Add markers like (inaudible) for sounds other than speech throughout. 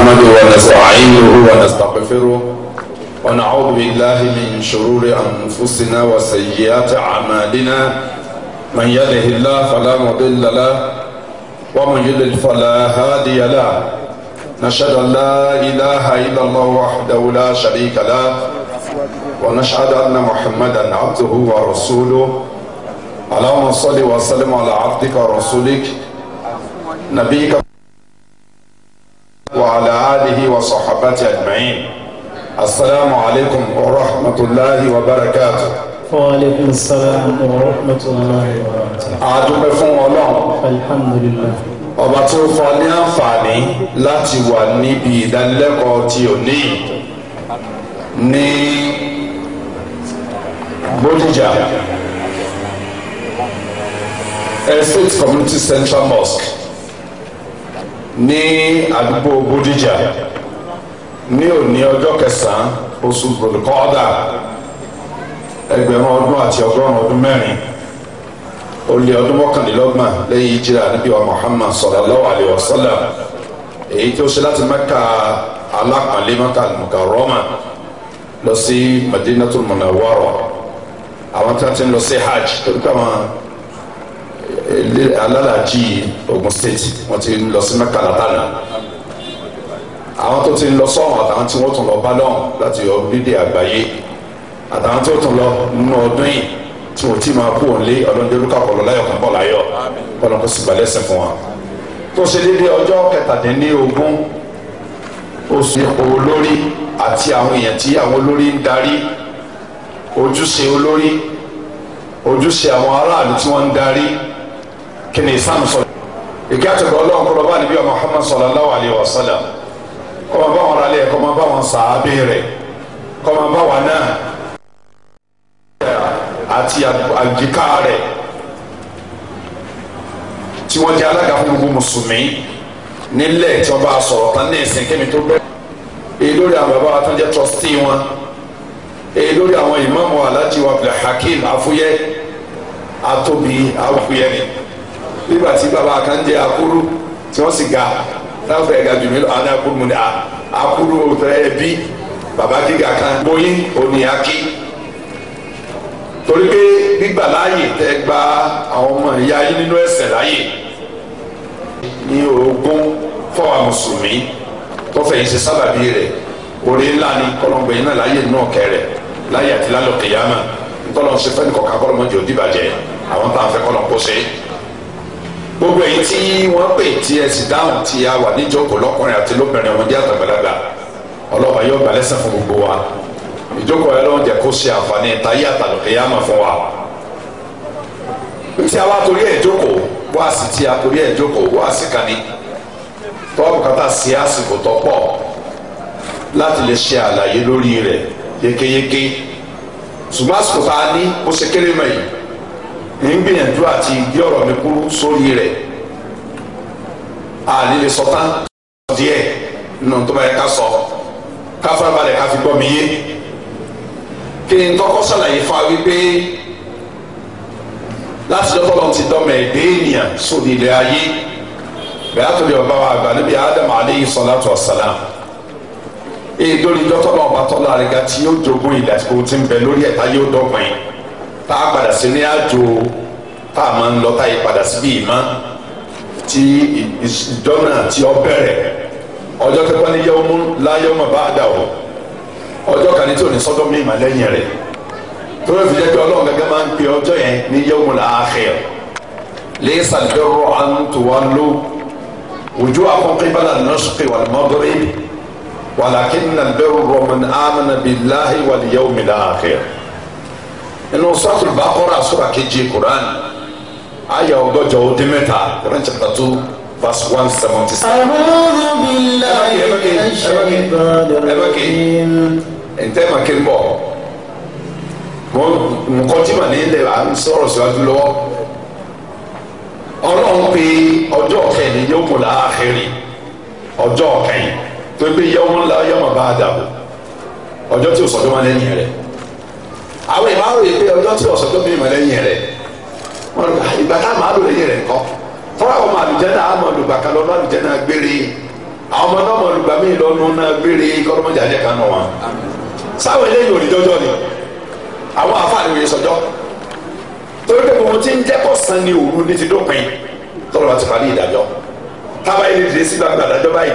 نحمده ونستعينه ونستغفره ونعوذ بالله من شرور أنفسنا وسيئات أعمالنا من يده الله فلا مضل له ومن يضلل فلا هادي له نشهد أن لا إله إلا الله وحده لا شريك له ونشهد أن محمدا عبده ورسوله اللهم صل وسلم على عبدك ورسولك نبيك وعلى آله وصحبته أجمعين السلام عليكم ورحمة الله وبركاته وعليكم السلام ورحمة الله وبركاته أدوبة فون الله الحمد لله ọba tó fún ọ ní àǹfààní láti wà níbi ìdánilẹ́kọ̀ọ́ tí ò ní ní Bódìjà Estate Community Central Mosque ní àdúgbò Bódìjà ní òní ọjọ́ kẹsàn-án oṣù kọ́ọ̀dà ẹgbẹ̀rún ọdún àti ọgọ́rùn-ún ọdún mẹ́rin ó lé ọdún mọ́kànlélọ́gbọ̀n lẹ́yìn ìjìrà níbi wa Muhammad sallallahu alayhi wa sallam èyí tó ṣe láti Mẹ́kà alápàlẹ́ Mẹ́kà al-Mukarrama lọ sí Madinatul Munawwara àwọn tí wọ́n ti ń lọ sí hajj torí káwọn alálàájì Ogun State wọ́n ti ń lọ sí Mẹ́kà látàná àwọn tó ti ń lọ sọ́hún àtàwọn tí wọ́n tún lọ bá lọ́hún láti orílẹ̀-èdè àgbáyé àtàwọn tó tún lọ nínú ọdún yìí tí wọ́n ti máa kú òǹlé ọlọ́dún olúkà kọlọ láyọ̀ kan bọ̀ láyọ̀ kọlọ kó sì balẹ̀ sẹ̀ fún wa. tó ṣe dédé ọjọ́ kẹtàdínlógún oṣù ipò olórí àti àwọn èèyàn tí àwọn olórí ń darí ojúṣe olórí ojúṣe àwọn aráàlú tí wọ́n ń darí kí ni islam sọ. ìgbé àtẹ̀kọ́ ọlọ́run kọ́ lọ́ba níbi ọmọ Muhammad sallallahu alayhi wa sallam kọ́ máa bá wọn ra lẹ̀ kọ́ máa bá wọn sàábé rẹ̀ kọ́ máa bá wọn náà àti àjìká rẹ̀ tí wọ́n jẹ́ alága fún gbogbo mùsùlùmí nílẹ̀ tí wọ́n bá sọ̀rọ̀ tán ní ìsìn kémi tó bẹ́ẹ̀ èyí lórí àwọn bàbá wa tán jẹ́ trustee wọn èyí lórí àwọn ìmáàmù alájí wa Abdulhakeem afúyẹ́ atóbi afúyẹ́ ni nígbà tí bàbá kan jẹ akóró tí wọ́n sì ga táwọn fẹ́ ga jù mí lọ àwọn akóró mu ni akóró ẹbí bàbá gíga kan bóyín òní akí torí pé gbígbà láàyè tẹ gba àwọn ọmọ ìyá yín nínú ẹsẹ̀ láàyè ní ogún fọwọ́ mùsùlùmí tọ́fẹ̀ yìí ṣe sábàbí rẹ̀ orí ńlá ni kọ́lọ́ngbẹ̀ yìí náà láyé nínú ọ̀kẹ́ rẹ̀ láyé àti lálọ́ kìyàmà ńkọ́lọ́n ṣe fẹ́ni kọ̀ọ̀kan kọ́lọ́mọ́jì òdìbàjẹ́ àwọn táwọn fẹ́ kọ́lọ́n gbogbo èyí tí wọ́n pè tí ẹ sì dáhùn tí a wà níjókòó lọ́kùnrin àti lóbìnrin ọmọdé àtàgbàlagbà ọlọ́ba yóò gbà lẹ́sẹ̀ fún gbogbo wa ìjókòó ẹ lọ́wọ́n jẹ́ kó ṣe àǹfààní ìtayé àtàlùkìyàmà fún wa tí a wá torí ẹ̀ jókòó wá sí tí a torí ẹ̀ jókòó wá sí kani tọ́wọ́ bùkátà sí àsìkò tó pọ̀ láti lè ṣe àlàyé lórí rẹ̀ yékéyéké ṣùgbọ́n àsìkò tá a ní ó ṣe kéré mọ́ yìí ń gbìyànjú àti gé ọ̀rọ̀ mi kúrú sórí rẹ̀ àlè lè sọ tán díẹ̀ nínú tó bá yẹ ká sọ ká farabalẹ̀ ká fi gbọ́ mi yé kí n tọ́kọ́ sàlàyé fún wa wípé láti lọ́tọ́ lọ́n ti dọ́mọ̀ ẹ̀dẹ́ ènìyàn sórí ilẹ̀ ayé bẹ́ẹ̀ látọ̀dẹ̀ ọba wa àgbà níbi ádámù aleyhi sọ̀láàtù ọ̀sálàm èyí dórí lọ́tọ́ ọba tọ́lá rẹ̀ gà yóò jogún ìdásíkò tí ń bẹ lórí ẹ̀ta yóò dọ́gbọ̀n tá a padà sí ní àjò tá a máa ń lọ tá a yí padà sí bí ìmọ̀ tí ìjọ́nà tí ó bẹ̀rẹ̀ ọjọ́ kẹ́kọ́ ní yẹ́wọ́mú láyọ́mọ̀ bá dà o ọjọ́ kan ní tí ò ní sọ́dọ̀ mímọ̀ lẹ́yìn rẹ̀ torí fi jẹ́ pé ọlọ́run gẹ́gẹ́ máa ń pe ọjọ́ yẹn ní yẹ́wọ́mú àkhir laysa al-birru an tuwallu wujuhakum qibala al-mashriqi wal-maghrib walakinna al-birra man amana billahi wal-yawmil akhir inú suratul Baqara sura kejì Quran aya ọgọ́jọ o dín mẹ́ta Quran chapter two verse one seventy seven. a'udhu billahi minash shaitanir rajim. ǹtẹ́ màkì ń bọ̀ nǹkan tí mà ní ilẹ̀ à ń sọ̀rọ̀ síwájú lọ́wọ́ ọlọ́run pé ọjọ́ kẹ́ni yóò mú la àkèrè ọjọ́ kẹ́yìn tó gbé yẹ́wọ́n la yẹ́wọ́n bá a dàbò ọjọ́ tí o sọ̀tún wà lẹ́yìn rẹ̀ àwọn ìmáà rò yìí pé ọjọ́ tí ọ̀sán tó bí ìmọ̀ lẹ́yìn rẹ̀ wọn lọ ah, ìgbà tá a máa lò lẹ́yìn rẹ̀ kọ́ tọ́lá àwọn ọmọ àlùjẹ́nà àmọ́ olùgbà kan lọ́nà àlùjẹ́nà gbére àwọn ọmọ náà mọ̀ olùgbà míì lọ́nu náà gbére kọ́lọ́mọjà jẹ́ kan nù wọn. sáwọn eléyìí òdìjọ́jọ́ ni àwọn àfáàní òye sọjọ́ torí pé gbogbo tí ń jẹ́ kọ́sán ni òru ní ti dópin tọ́lọ́ ti parí ìdájọ́ tába yìí lè sí gbàgbà dájọ́ báyìí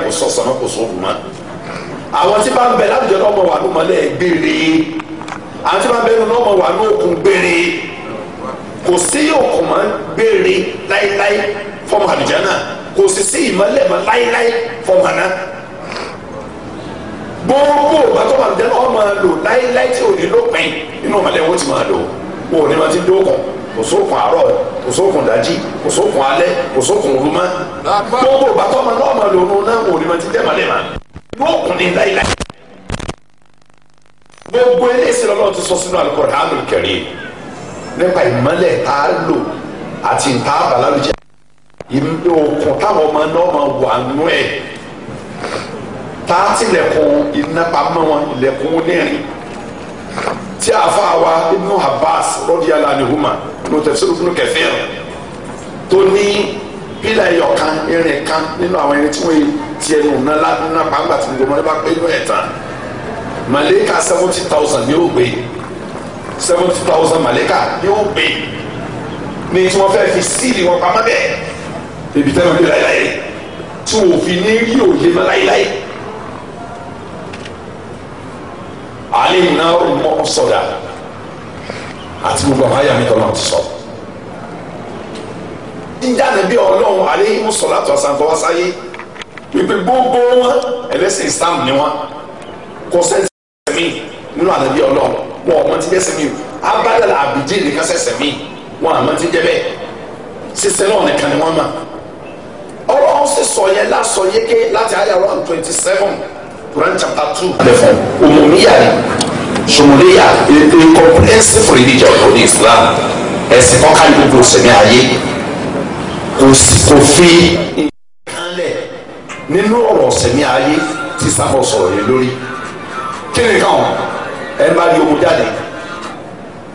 àwọn tí bá ń bẹ láwùjọ náà wà ló gbére àwọn tí wọ́n bẹ nínú ọmọ wà ní òkun gbére kò sí òkun máa ń gbére láíláí fọmọ àlùjáná kò sì sí ìmọ̀lẹ̀ mọ́ láíláí fọmọ àná gbogbo gbàtọ́ máa ń dẹ́nu ọmọ lò láíláí tí ò ní lópin nínú ọmọlẹ́ wo ti máa lò wò ní ma ti dókun kò sókun àárọ̀ kò sókun dájí kò sókun alẹ́ kò sókun olúmọ gbogbo gbàtọ́ máa ń lọ́ọ̀mọ̀ lò nínú náà wò ní ma ti dẹ́mọ̀lẹ́ ma lókun ní láíláí gbogbo eléyìí lọ́wọ́ ti sọ sínú Al-Qur'anul Karim nípa ìmọ̀lẹ̀ tá a lò àti ìta àbàlálùjẹ òkun táwọn ọmọ náà máa wà nú ẹ̀ tá a ti lẹ̀kùn iná pamọ́ wọn ilẹ̀kùn onírin tí a fa wa Ibn Abbas radiyallahu anhuma ní tafsir Ibn Kathir tó ní pílà ẹ̀yọ̀ kan irin kan nínú àwọn irin tí wọ́n ti ẹnu ńlá pàǹgbà tí gbogbo ọmọdé bá pé inú ẹ̀ tán. Malika seventy thousand yóò gbé seventy thousand màlẹ́kà yóò gbé ní tí wọ́n fẹ́ fi síìlì wọn pamọ́ bẹ́ẹ̀ ebi tẹ́lẹ̀ ń bí láyéláyé tí wọ́n fi ní rí òye mọ́ láyéláyé. alim náà ó mọ sọdà àti gbogbo àwọn àyà mi tọ́lá ti sọ. jíjáde bí ọlọ́run alayhi salatu wasalam tọ́wọ́ sáyé wípé gbogbo wọn ẹlẹ́sìn Islam ni wọn kò sẹ́ńtì sẹ̀mí nínú ànábì ọlọ́run wọn ọmọ ti jẹ́ sẹ̀mí o abadal abidjan nìkan sẹ̀ sẹ̀mí wọn àmọ́ ti jẹ́ bẹ́ẹ̀ sísẹ́ náà nìkan ni wọ́n mọ̀ ọlọ́run sì sọ yẹn lásọ yéké láti àyà one twenty seven Quran chapter two. àlefo òmùmíyà ni sumuliya ètò comprehensive religion kò ní Islam ẹ̀sìn kọ́ka ní gbogbo sẹ̀mí ayé kò sí kò fi nǹkan lẹ̀ nínú ọ̀rọ̀ sẹ̀mí ayé tí sáfọ̀ sọ̀rọ̀ yẹn lórí kíni kan ẹ bá rí ogun jáde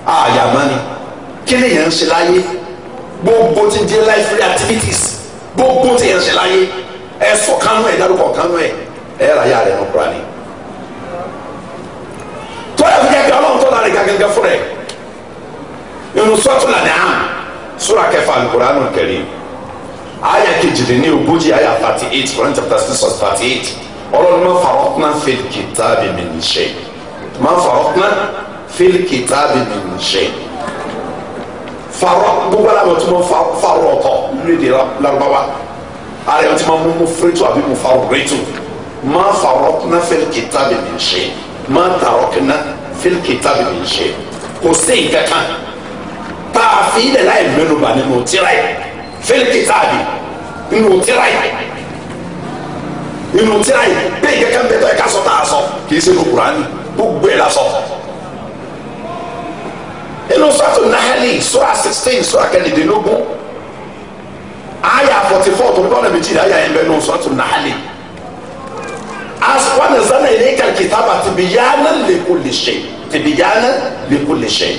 àyàmá ni kíni yẹn ń ṣe láyé gbogbo ti jẹ life free activities gbogbo ti yẹn ń ṣe láyé ẹ sọ kánú ẹ dárúkọ kánú ẹ ẹ rà yà rẹ nùkúrà ni tọ́lá fi kẹ́kẹ́ ọlọ́run tó lára gàgàgà fún rẹ nínú sọ́tù làdá sura kẹfà alukóránù kẹrin àyà kejìléní ogójì àyà thirty eight Quran chapter six verse thirty eight ọlọ́run ma farọ́tná fil kitabi min shay ma farọ́tná fil kitabi min shay farọ́ gbogbo alamọ̀ tí mo farọ́ ọ̀tọ̀ lórí èdè Lárúbáwá ara yẹn tí mo mú fúrétù àbí mo farọ́ rétù ma farọ́tná fil kitabi min shay ma tarọ́kná fil kitabi min shay kò sí ìkankan tá a fi ilẹ̀ láì mẹ́nu bà nínú tíra yìí fil kitabi nínú tíra yìí inú tíra yìí bẹ́ẹ̀ kẹ́kẹ́ bẹ́ẹ̀ tó yẹ ká sọ tá a sọ kì í ṣe inú Kùránì gbogbo ẹ̀ la sọ. inú sọ́tò nahali sura sixteen sura kẹrìndínlógún aya forty four tó gbọ́dọ̀ méjì ní aya yẹn bẹ́ẹ̀ nù sọ́tò nahali. wọ́n ní sanni ilé kan kìtàbà tìbíyánà li kulli shay tìbíyánà li kulli shay.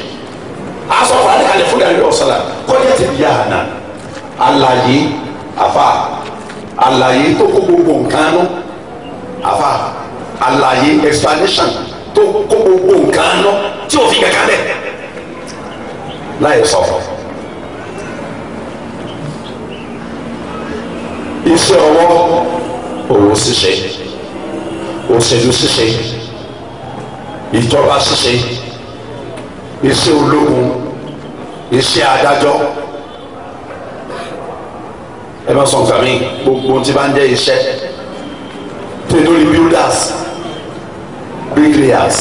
aṣọ fúnra ní alẹ́ fúnra ní ọ̀sán la kọ́ni tìbíyánà alayi afa àlàyé tó kó gbogbo nǹkan nú àfa àlàyé explanation tó kó gbogbo nǹkan nú tí ò fi kankan lẹ̀ láì sọ. iṣẹ́ ọwọ́ òwò ṣíṣe òṣèlú ṣíṣe ìjọba ṣíṣe iṣẹ́ ológun iṣẹ́ adájọ́ ẹ má sọ nǹkan mi gbogbo tí bá ń jẹ́ iṣẹ́ tó yẹ lórí builders bricklayers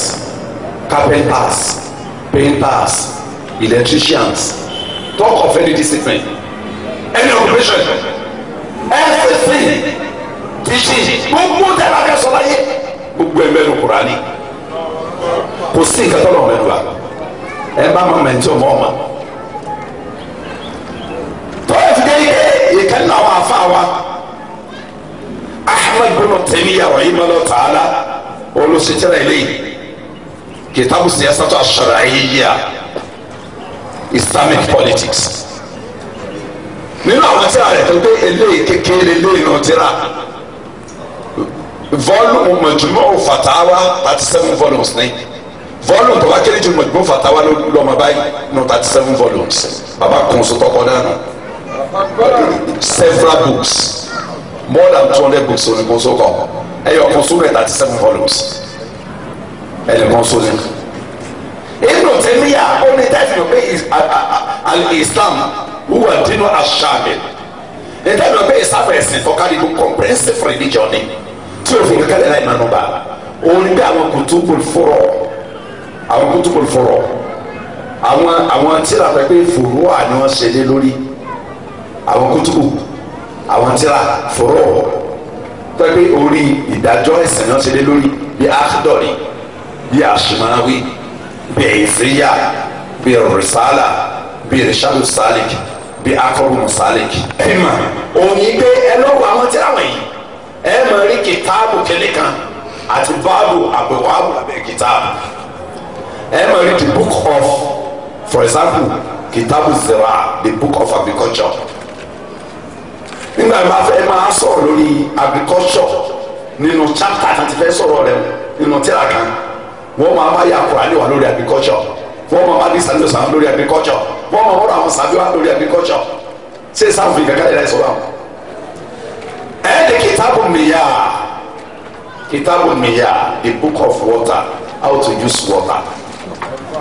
carpenters painters electricians talk of any discipline any occupation everything teaching gbogbo tẹ̀lé akẹ́sọ̀ láyé gbogbo ẹ̀ mẹ́nu Kùránì kò sí nǹkan tó lọ mẹ́nu wa ẹ bá mọ mẹ́ntì ọmọ ọmọ tọ́lá ti dé ike ìkan náà wà fà wa Ahmad bin Taymiyyah rahimahullah ta'ala olùsítẹ́rà eléyìí kìtàbù siyasatu ash-shar'iyyah Islamic politics nínú àwọn tíra rẹ̀ tó gbé eléyìí kékeré eléyìí náà tíra volume majmu'u fatawa thirty seven volumes ní volume tó bá kéré ju majmu'u fatawa lọ́mọ báyìí nù thirty seven volumes bàbá kùn sótọ́kọ náà nù several books more than two hundred books òyìnbó so kọ And your so bẹ́ẹ̀ thirty seven volumes And the If ẹnìkan so ni ibnu tẹmiya ó ní tẹ́sí pé al-Islam Who wúwa dínú aṣáàmì ní tẹ́sí pé ìsáfẹ̀sì fọkàlì ló comprehensive religion ni tí o fi kẹ́lẹ́ láì máa nù bá òun bí àwọn kutubul furu àwọn kutubul furu àwọn àwọn tíra pẹ́ pé fòrò àná ṣe lé lórí àwọn kútùkù àwọn tíra fòrò pẹ́pẹ́ orí ìdájọ́ ẹ̀sìn náà ṣe lé lórí bí akhdọ̀rì bí aṣùmáwí bí ẹ̀ẹ́sìyà bí rìsálà bí rìṣàlù sálíkì bí akọ́bùnù sálíkì. ẹ mà òní pé ẹ lọ́wọ́ àwọn tíra wọ̀nyí ẹ mọ̀ rí kìtáàbù kele kan àti báàbù àbẹ̀wáàbù àbẹ̀ kìtáàbù ẹ mọ̀ rí the book of for example kìtáàbù zera the book of agriculture. nígbà máa fẹ́ máa sọ̀rọ̀ lórí agriculture nínú chapter àti fẹ́ sọ̀rọ̀ rẹ̀ nínú tírà kan wọ́n máa bá yà Kùránì lórí agriculture wọ́n máa bá bí sàbíọ̀ sàbíọ̀ lórí agriculture wọ́n máa wọ́n àwọn sàbíọ̀ lórí agriculture ṣé sáfù àwọn. the book of water how to use water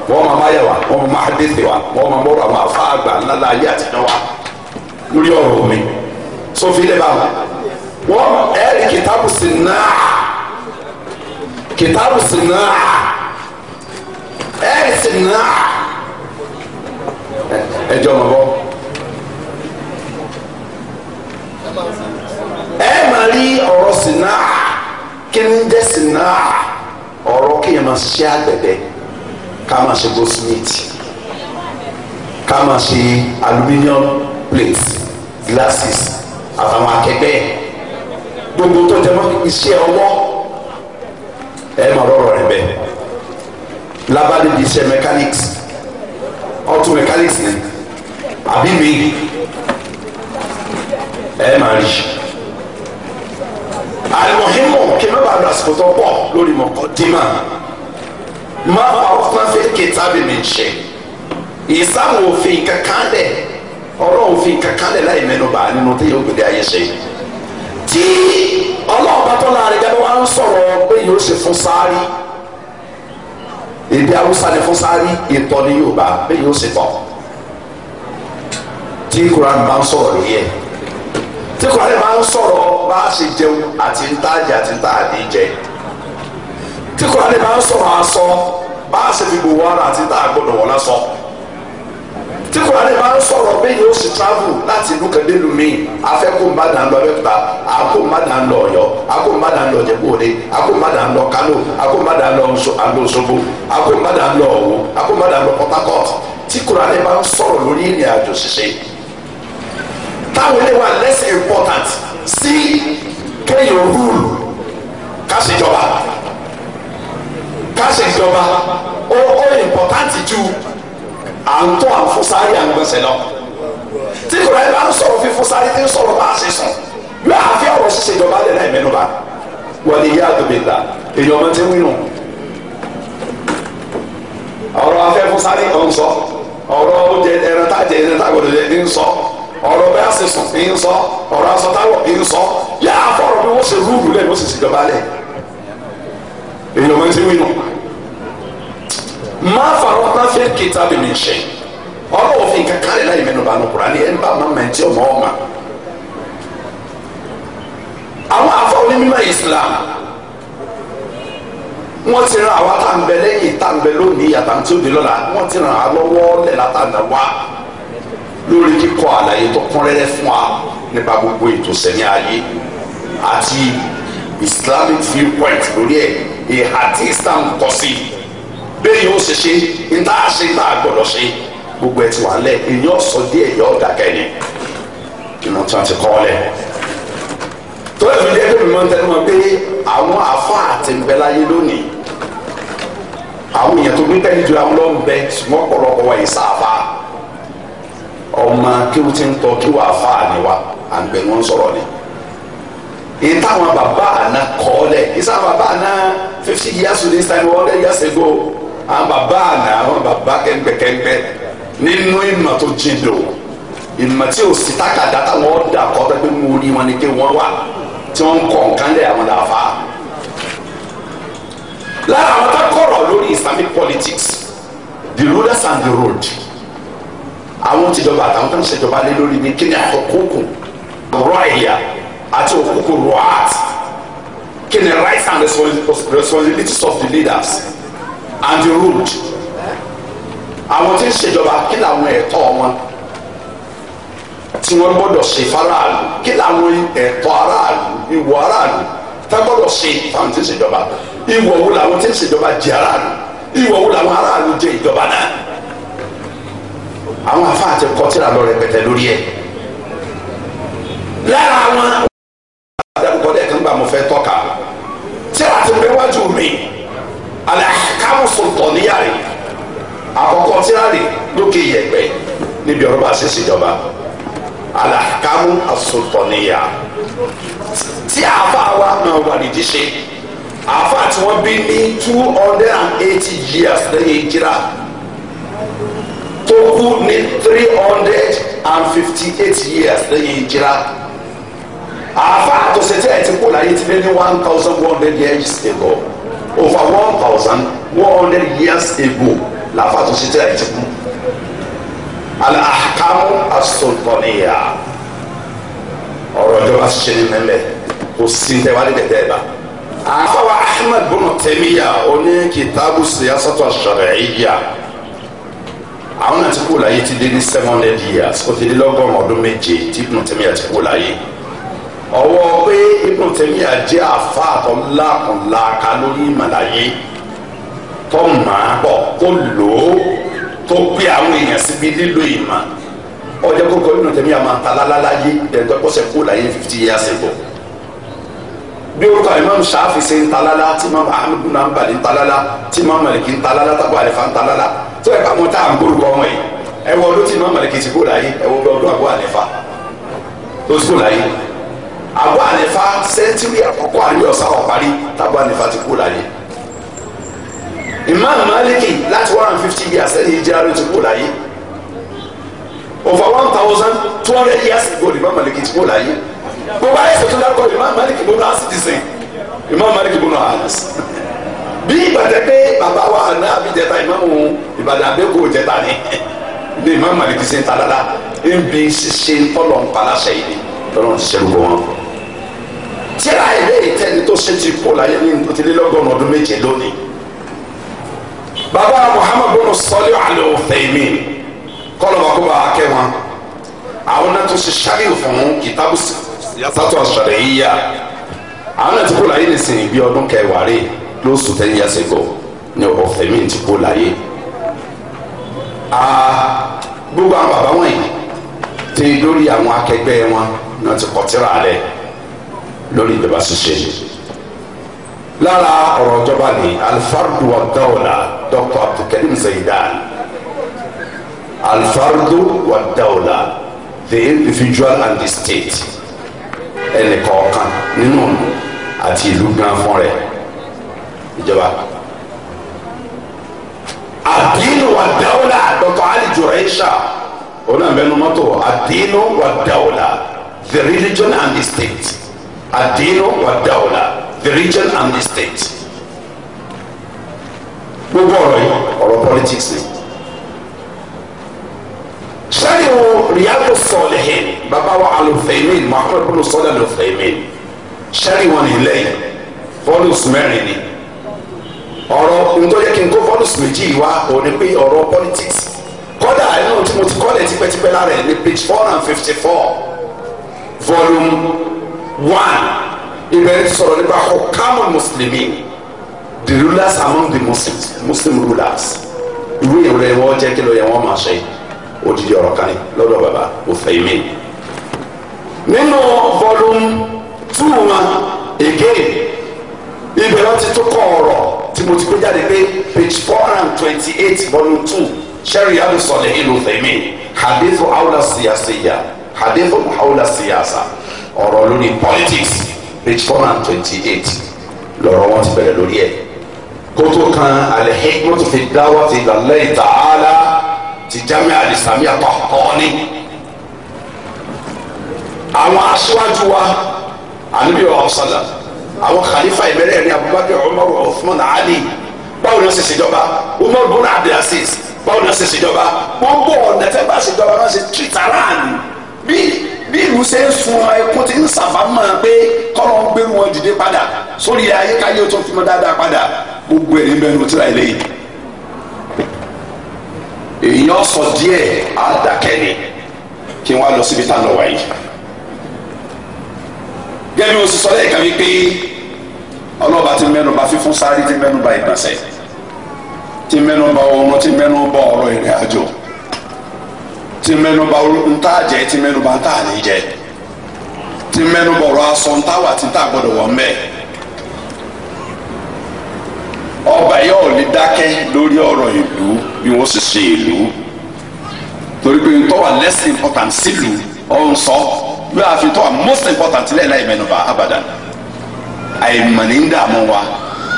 wọ́n máa bá yà wa, wọ́n máa bá hadithi wa, wọ́n máa bọ́ọ̀rọ̀ àwọn afá àgbà ńlá àtijọ́ sọfin lè bá wọn ẹ̀rí kìtàbù sí náà kìtàbù sí náà ẹ̀rí sí náà ẹjọ́ mọ̀ bọ́ ẹ máa rí ọ̀rọ̀ sí náà kí ni jẹ́ sí náà aluminium plates glasses àtàwọn akẹgbẹ́ gbogbo tó tẹ mọ́ iṣẹ́ ọwọ́ ẹ máa rọrọ rẹ bẹ́ẹ̀ labali di iṣẹ́ mechanics auto mechanics ni àbí mi ẹ máa rí alimọ̀hìnmọ̀ kí n má bàa lọ àsìkò tó pọ̀ lórí mọ̀kọ́ dìímà má fa ọ̀fun afẹ́ kẹta bèbè ń ṣe ìsáwò òfin kankan dẹ̀ ọlọ́run fi kankanlẹ̀ láì mẹ́nuba nínú tí yóò gbèdé ayé ṣe tí ọlọ́run bá tọ́lá rẹ̀ gẹ́gẹ́ wá ń sọ̀rọ̀ pé yóò ṣe fún sáárì èdè haúsá ni fún sáárì ìtọ́ ni yóò bá pé yóò ṣe tọ̀ tí kuran bá ń sọ̀rọ̀ lórí ẹ̀ tí kuran bá ń sọ̀rọ̀ bá a ṣe jẹun àti ntaajẹ àti ntaadé jẹ tí kuran bá ń sọ̀rọ̀ aṣọ bá a ṣe fi gbowó ara àti ntaagbodo wọ́n lásọ̀ọ́ tí kùránì máa ń sọ̀rọ̀ bẹ́ẹ̀ yóò sì travel láti ìlú kan délùú míì afẹ́kù mbàdàn lọ abẹ́kúta àkó mbàdàn lọ ọ̀yọ́ àkó mbàdàn lọ jẹ̀bú àkó mbàdàn lọ kánò àkó mbàdàn lọ Òṣogbo àkó mbàdàn lọ Ọ̀wọ̀ àkó mbàdàn lọ Port Harcourt máa ń sọ̀rọ̀ lórí ìrìn àjò táwọn ilé less important sí kéèyàn rúùlù ó ó important ju. à ń tọ́ à ń fún sáré à ń gbẹ̀sẹ̀ lọ. tí kùrẹ́ bá ń sọ̀rọ̀ fífún sáré tí ń sọ̀rọ̀ bá a ṣe sùn yóò àfi ọ̀rọ̀ ṣíṣe ìjọba lẹ̀ láì mẹ́nuba wọlé yá àdùbìlà èyí ọmọ tí ń wínú. ọ̀rọ̀ afẹ́ fún sáré kan sọ ọ̀rọ̀ oúnjẹ ẹran tá a jẹ ẹran tá a gbọdọ̀ jẹ ní sọ ọ̀rọ̀ bẹ́ẹ̀ ṣe sùn ní sọ ọ̀rọ̀ aṣọ táwọ̀ ní sọ yá àfọ̀rọ̀ bí wọ́n ṣe rúùrù lẹ̀ ní wọ́n ń máa fàrọ̀ náà fẹ́ kíta bí mi ṣe ọ̀rọ̀ òfin kankan lè láyé mẹ́nu bá ní kura ní ẹ̀ ń bá máa mẹ́ntì ọmọ ọmọ. àwọn afa onímọ̀ Islam wọ́n ti ran àwa tá n bẹ lẹ́yìn tá n bẹ lónìí yàtà tí ó di lọ́la wọ́n ti ran àwa lọ́wọ́ lẹ̀ látàdà wá lórí kíkọ àlàyé tó kún rẹ́rẹ́ fún wa nípa gbogbo ètò sẹ́ni ayé àti Islamic viewpoint lórí ẹ̀ ìhà tí Islam kọ sí i bẹ́ẹ̀ yóò ṣe ṣe níta ṣe níta gbọ́dọ̀ ṣe gbogbo ẹ̀ ti wà lẹ̀ èyí ọ̀sọ́ díẹ̀ èyí ọ̀dàkẹ́ ni kí wọ́n tún ti kọ́ lẹ̀ tó ẹ̀ fi jẹ́ mi máa ń pé àwọn àáfàá àti ń lónìí àwọn èèyàn tó gbígbẹ́ níjú àwọn ló bẹ ṣùgbọ́n ọ̀pọ̀lọpọ̀ wa yìí sáfà ọmọ kí wọ́n ti ń tọ́ kí wọ́n àáfàá ni bàbá àná kọ́ lẹ̀ ìsáwọn bàbá àná fifty years to this time one àwọn bàbá àná àwọn bàbá kẹ́ńpẹ́kẹ́ńpẹ́ nínú ìmọ̀ tó jìn lò ìmọ̀ tí ò sí tákàdá táwọn ọ̀dà kọ́ pé pé mo rí wọn ni pé wọ́n wà tí wọ́n ń kọ̀ nǹkan lẹ̀ àwọn làáfà. lára àwọn tó kọ̀rọ̀ lórí Islamic politics the rulers and the road àwọn tìjọba àtàwọn tó ń ṣèjọba lé lórí ní kíni àkókò rọ ẹ̀yà àti òkókò rọ àt kíni rights and responsibilities of the leaders and the rude àwọn tí ń ṣèjọba kí làwọn ẹ̀tọ́ wọn tí wọ́n gbọ́dọ̀ ṣe faraàlú kí làwọn ẹ̀tọ́ aráàlú ìwọ aráàlú tá gbọ́dọ̀ ṣe fáwọn tí ń ṣèjọba ìwọ wo làwọn tí ń ṣèjọba jẹ aráàlú ìwọ wo làwọn aráàlú jẹ ìjọba náà àwọn afáà ti kọ tíra lọ rẹpẹtẹ lórí ẹ lára àwọn àdàkọ dẹ kan gbà mo fẹ́ tọ́ka tíra ti bẹ wájú mi alẹ́ àkàmù sọ̀tọ̀ níyàrá àkọ́kọ́ tí a rè lókè yẹ̀gbẹ́ níbi ọ̀rọ̀ bá a ṣe ṣèjọba alẹ́ àkàmù sọ̀tọ̀ níyà tí àáfà wa náà wà nídìí ṣe àáfà tí wọ́n bí two hundred and eighty years lẹ́yìn ìjìrà tó ni three hundred and fifty eight years lẹ́yìn ìjìrà àáfà tó ṣe tẹ́ ẹ̀ ti kú ti lé ní one thousand one hundred years ago over one thousand one hundred years ago láfa tó ṣe tẹ́ ẹ̀ ti kú alahakamu asotọniya ọ̀rọ̀ ìjọba ṣiṣẹ́ ní mẹ́lẹ̀ kò sí ní tẹ́wá ní tẹ́tẹ́ bá. àfọwọ́ ahmed bọ́nà tẹ́míyà oní kìtàbù siyasatu ash-shar'iyya àwọn àti kúrò láyé ti dé ní seven hundred years kò ti dé lọ́gọ́rùn-ún ọdún méje tí bọ́nà tẹ́míyà ti kúrò láyé ọwọ́ pé Ibn Taymiyyah jẹ́ àfa àtọ́lá kọ̀ọ̀la ká lórí ìmàláyé tó máa bọ̀ tó lò ó tó gbé àwọn èèyàn síbi lílo ìmọ̀ ọjọ́ kókó Ibn Taymiyyah máa ta lálálàyé ẹ̀dọ́ pọ̀sẹ̀ kó láyé fifty years ago bí orúkọ Imam Shafi ṣe ń ta tí Imam Ahmad bin Hanbal ń ta tí Imam Maliki ń ta lálá tàbí àlefa ń ta lálá tó ẹ̀ka wọn tá à ń gbórúkọ wọn yìí ẹ̀wọ̀ ọdún tí Imam Maliki ti kó láyé ẹ̀wọ̀ ọdún àbúrò àlefa tó ti kó láyé. Abu Hanifa sẹ́ńtúrì àkọ́kọ́ àlẹ́ ọ̀sán ọ̀parí tábù Hanifa ti kú láyé Imam Maliki láti one hundred fifty years ẹni ìjìnlá ló ti kú láyé over one thousand two hundred years ago ni Imam Maliki ti kú láyé gbogbo ayé sọ̀tún dárúkọ Imam Maliki bọ́nà àsìdìsìn Imam Maliki bọ́nà àsìdìsìn bí ìbàdàn pé bàbá wa àná àbíjẹta ìmáàmù ìbàdàn àbẹ́kù jẹta ni ní ìmáàmù àlèkìsí ń ta dáadáa ń bí ṣiṣẹ́ ń tọ́lọ̀ ń paláṣẹ yìí ni tọ́lọ́ ń ṣiṣẹ́ gbogbo wọn. tíra ilé ìtẹ́ni tó ṣe ti pọ̀ láyé ní nítòtílélọ́gọ́rùn ọdún méje lónìí. bàbá Muhammad bin Salih al-Uthaymin kọ́lọ́mọ kó bá a kẹ́ wọn. àwọn náà tó ṣe ṣáyè fún kìtàbù siyasatu ash-shar'iyya. àwọn náà ti kó láyé nísìnyí bí ọdún kẹwàá rè lóṣù tẹ́yìn yàtọ̀ gbọ́ ní Uthaymin ti kó láyé. Ah, gbogbo àwọn bàbá wọ̀nyí ti lórí àwọn akẹgbẹ́ wọn náà ti kọ tírà rẹ̀ lórí ìjọba ṣíṣe lára ọ̀rọ̀ ìjọba ni alifardu wa dawla dr abdulkarim zaidan alifardu wa the individual and the state ẹnì kọ̀ọ̀kan nínú àti ìlú gan fún rẹ̀ ìjọba àdínú wa dawla dr ali juraisha ọ̀nà mẹ́nu mọ́tò àdínú wa the religion and the state àdínú wà Daula, the region and the state gbogbo ọ̀rọ̀ yìí ọ̀rọ̀ politics ni sẹ́yìn o Riyadu Salihin bàbá wa Al-Uthaymin Muhammad bin Salih Al-Uthaymin sẹ́yìn wọn ni lẹ́yìn volumes mẹ́rin ni ọ̀rọ̀ ntọ́jẹ́ kí n kó volumes méjì wá òní pé ọ̀rọ̀ politics kọ́dà inú tí mo ti kọ́lẹ̀ tipẹ́tipẹ́ lára ẹ̀ ní page four and fifty four volume one ibẹ̀ sọ̀rọ̀ nípa hukamul Muslimi, the rulers among the muslims muslim rulers ìwé yẹn lóye wọ́n jẹ́ kí lóye wọ́n máa ṣe odidi ọ̀rọ̀ kan lọ́dọ̀ bàbá Uthaymin nínú volume two wọn again ibẹ̀ lọ́ọ́ ti tó kọ́ ọ̀rọ̀ tí mo ti gbé jáde pé page four and twenty eight volume two sẹ́rí alùsọ̀lẹ̀ ìlú Uthaymin hadithu awla siyasiya hadith muhawla siyasa ọ̀rọ̀ lórí politics page four and twenty-eight lọ́rọ̀ wọn ti bẹ̀rẹ̀ lórí ẹ̀ kótó kan al-hikmatu fi da'wati ila Allah ta'ala ti jami al-islamiyya Tahtani àwọn aṣáájú wa àníbi ọ̀sán àwọn khalifa ìbẹ̀rẹ̀ ní Abubakar Umar Uthman Ali báwo ni wọ́n ṣe ṣèjọba Umar bin Abdulaziz báwo ni wọ́n ṣe ṣèjọba gbogbo ọ̀nà tẹ́ bá ṣèjọba wọ́n ṣe treat around bí ìlú ṣe ń sun ẹkún ti ń sàbá mọ̀ pé kọ́rọ̀ ń gbẹrù wọn jùdé padà sórí ayé káyé tó fi mọ́ dáadáa padà gbogbo ẹ̀ níbẹ̀ ló tíra ilé yìí. èèyàn sọ díẹ̀ àdàkẹ́ni kí wọ́n á lọ síbi tá a lọ wáyé. gẹ́gẹ́ bí o sì sọ lẹ́ẹ̀kan wípé ọlọ́ba ti mẹ́nu bà fífún sáré ti mẹ́nu bà ìgbọ̀nsẹ̀ ti mẹ́nu bà ọmọ ti mẹ́nu bà ọ̀rọ̀ ìrìn àjò ti mẹ́nubà ntá jẹ ti mẹ́nubà ntá lè jẹ ti mẹ́nubà ọ̀rọ̀ aṣọ ntá wà tí ntá gbọ́dọ̀ wọ̀ mbẹ ọba yẹ ò lè lórí ọ̀rọ̀ ìlú bí wọ́n sì ṣe ìlú torí pé ntọ́ wà less important sílùú ọ̀hún sọ bí a fi tọ́ wà most important lẹ́ẹ̀ láì mẹ́nubà abadan ń dààmú wa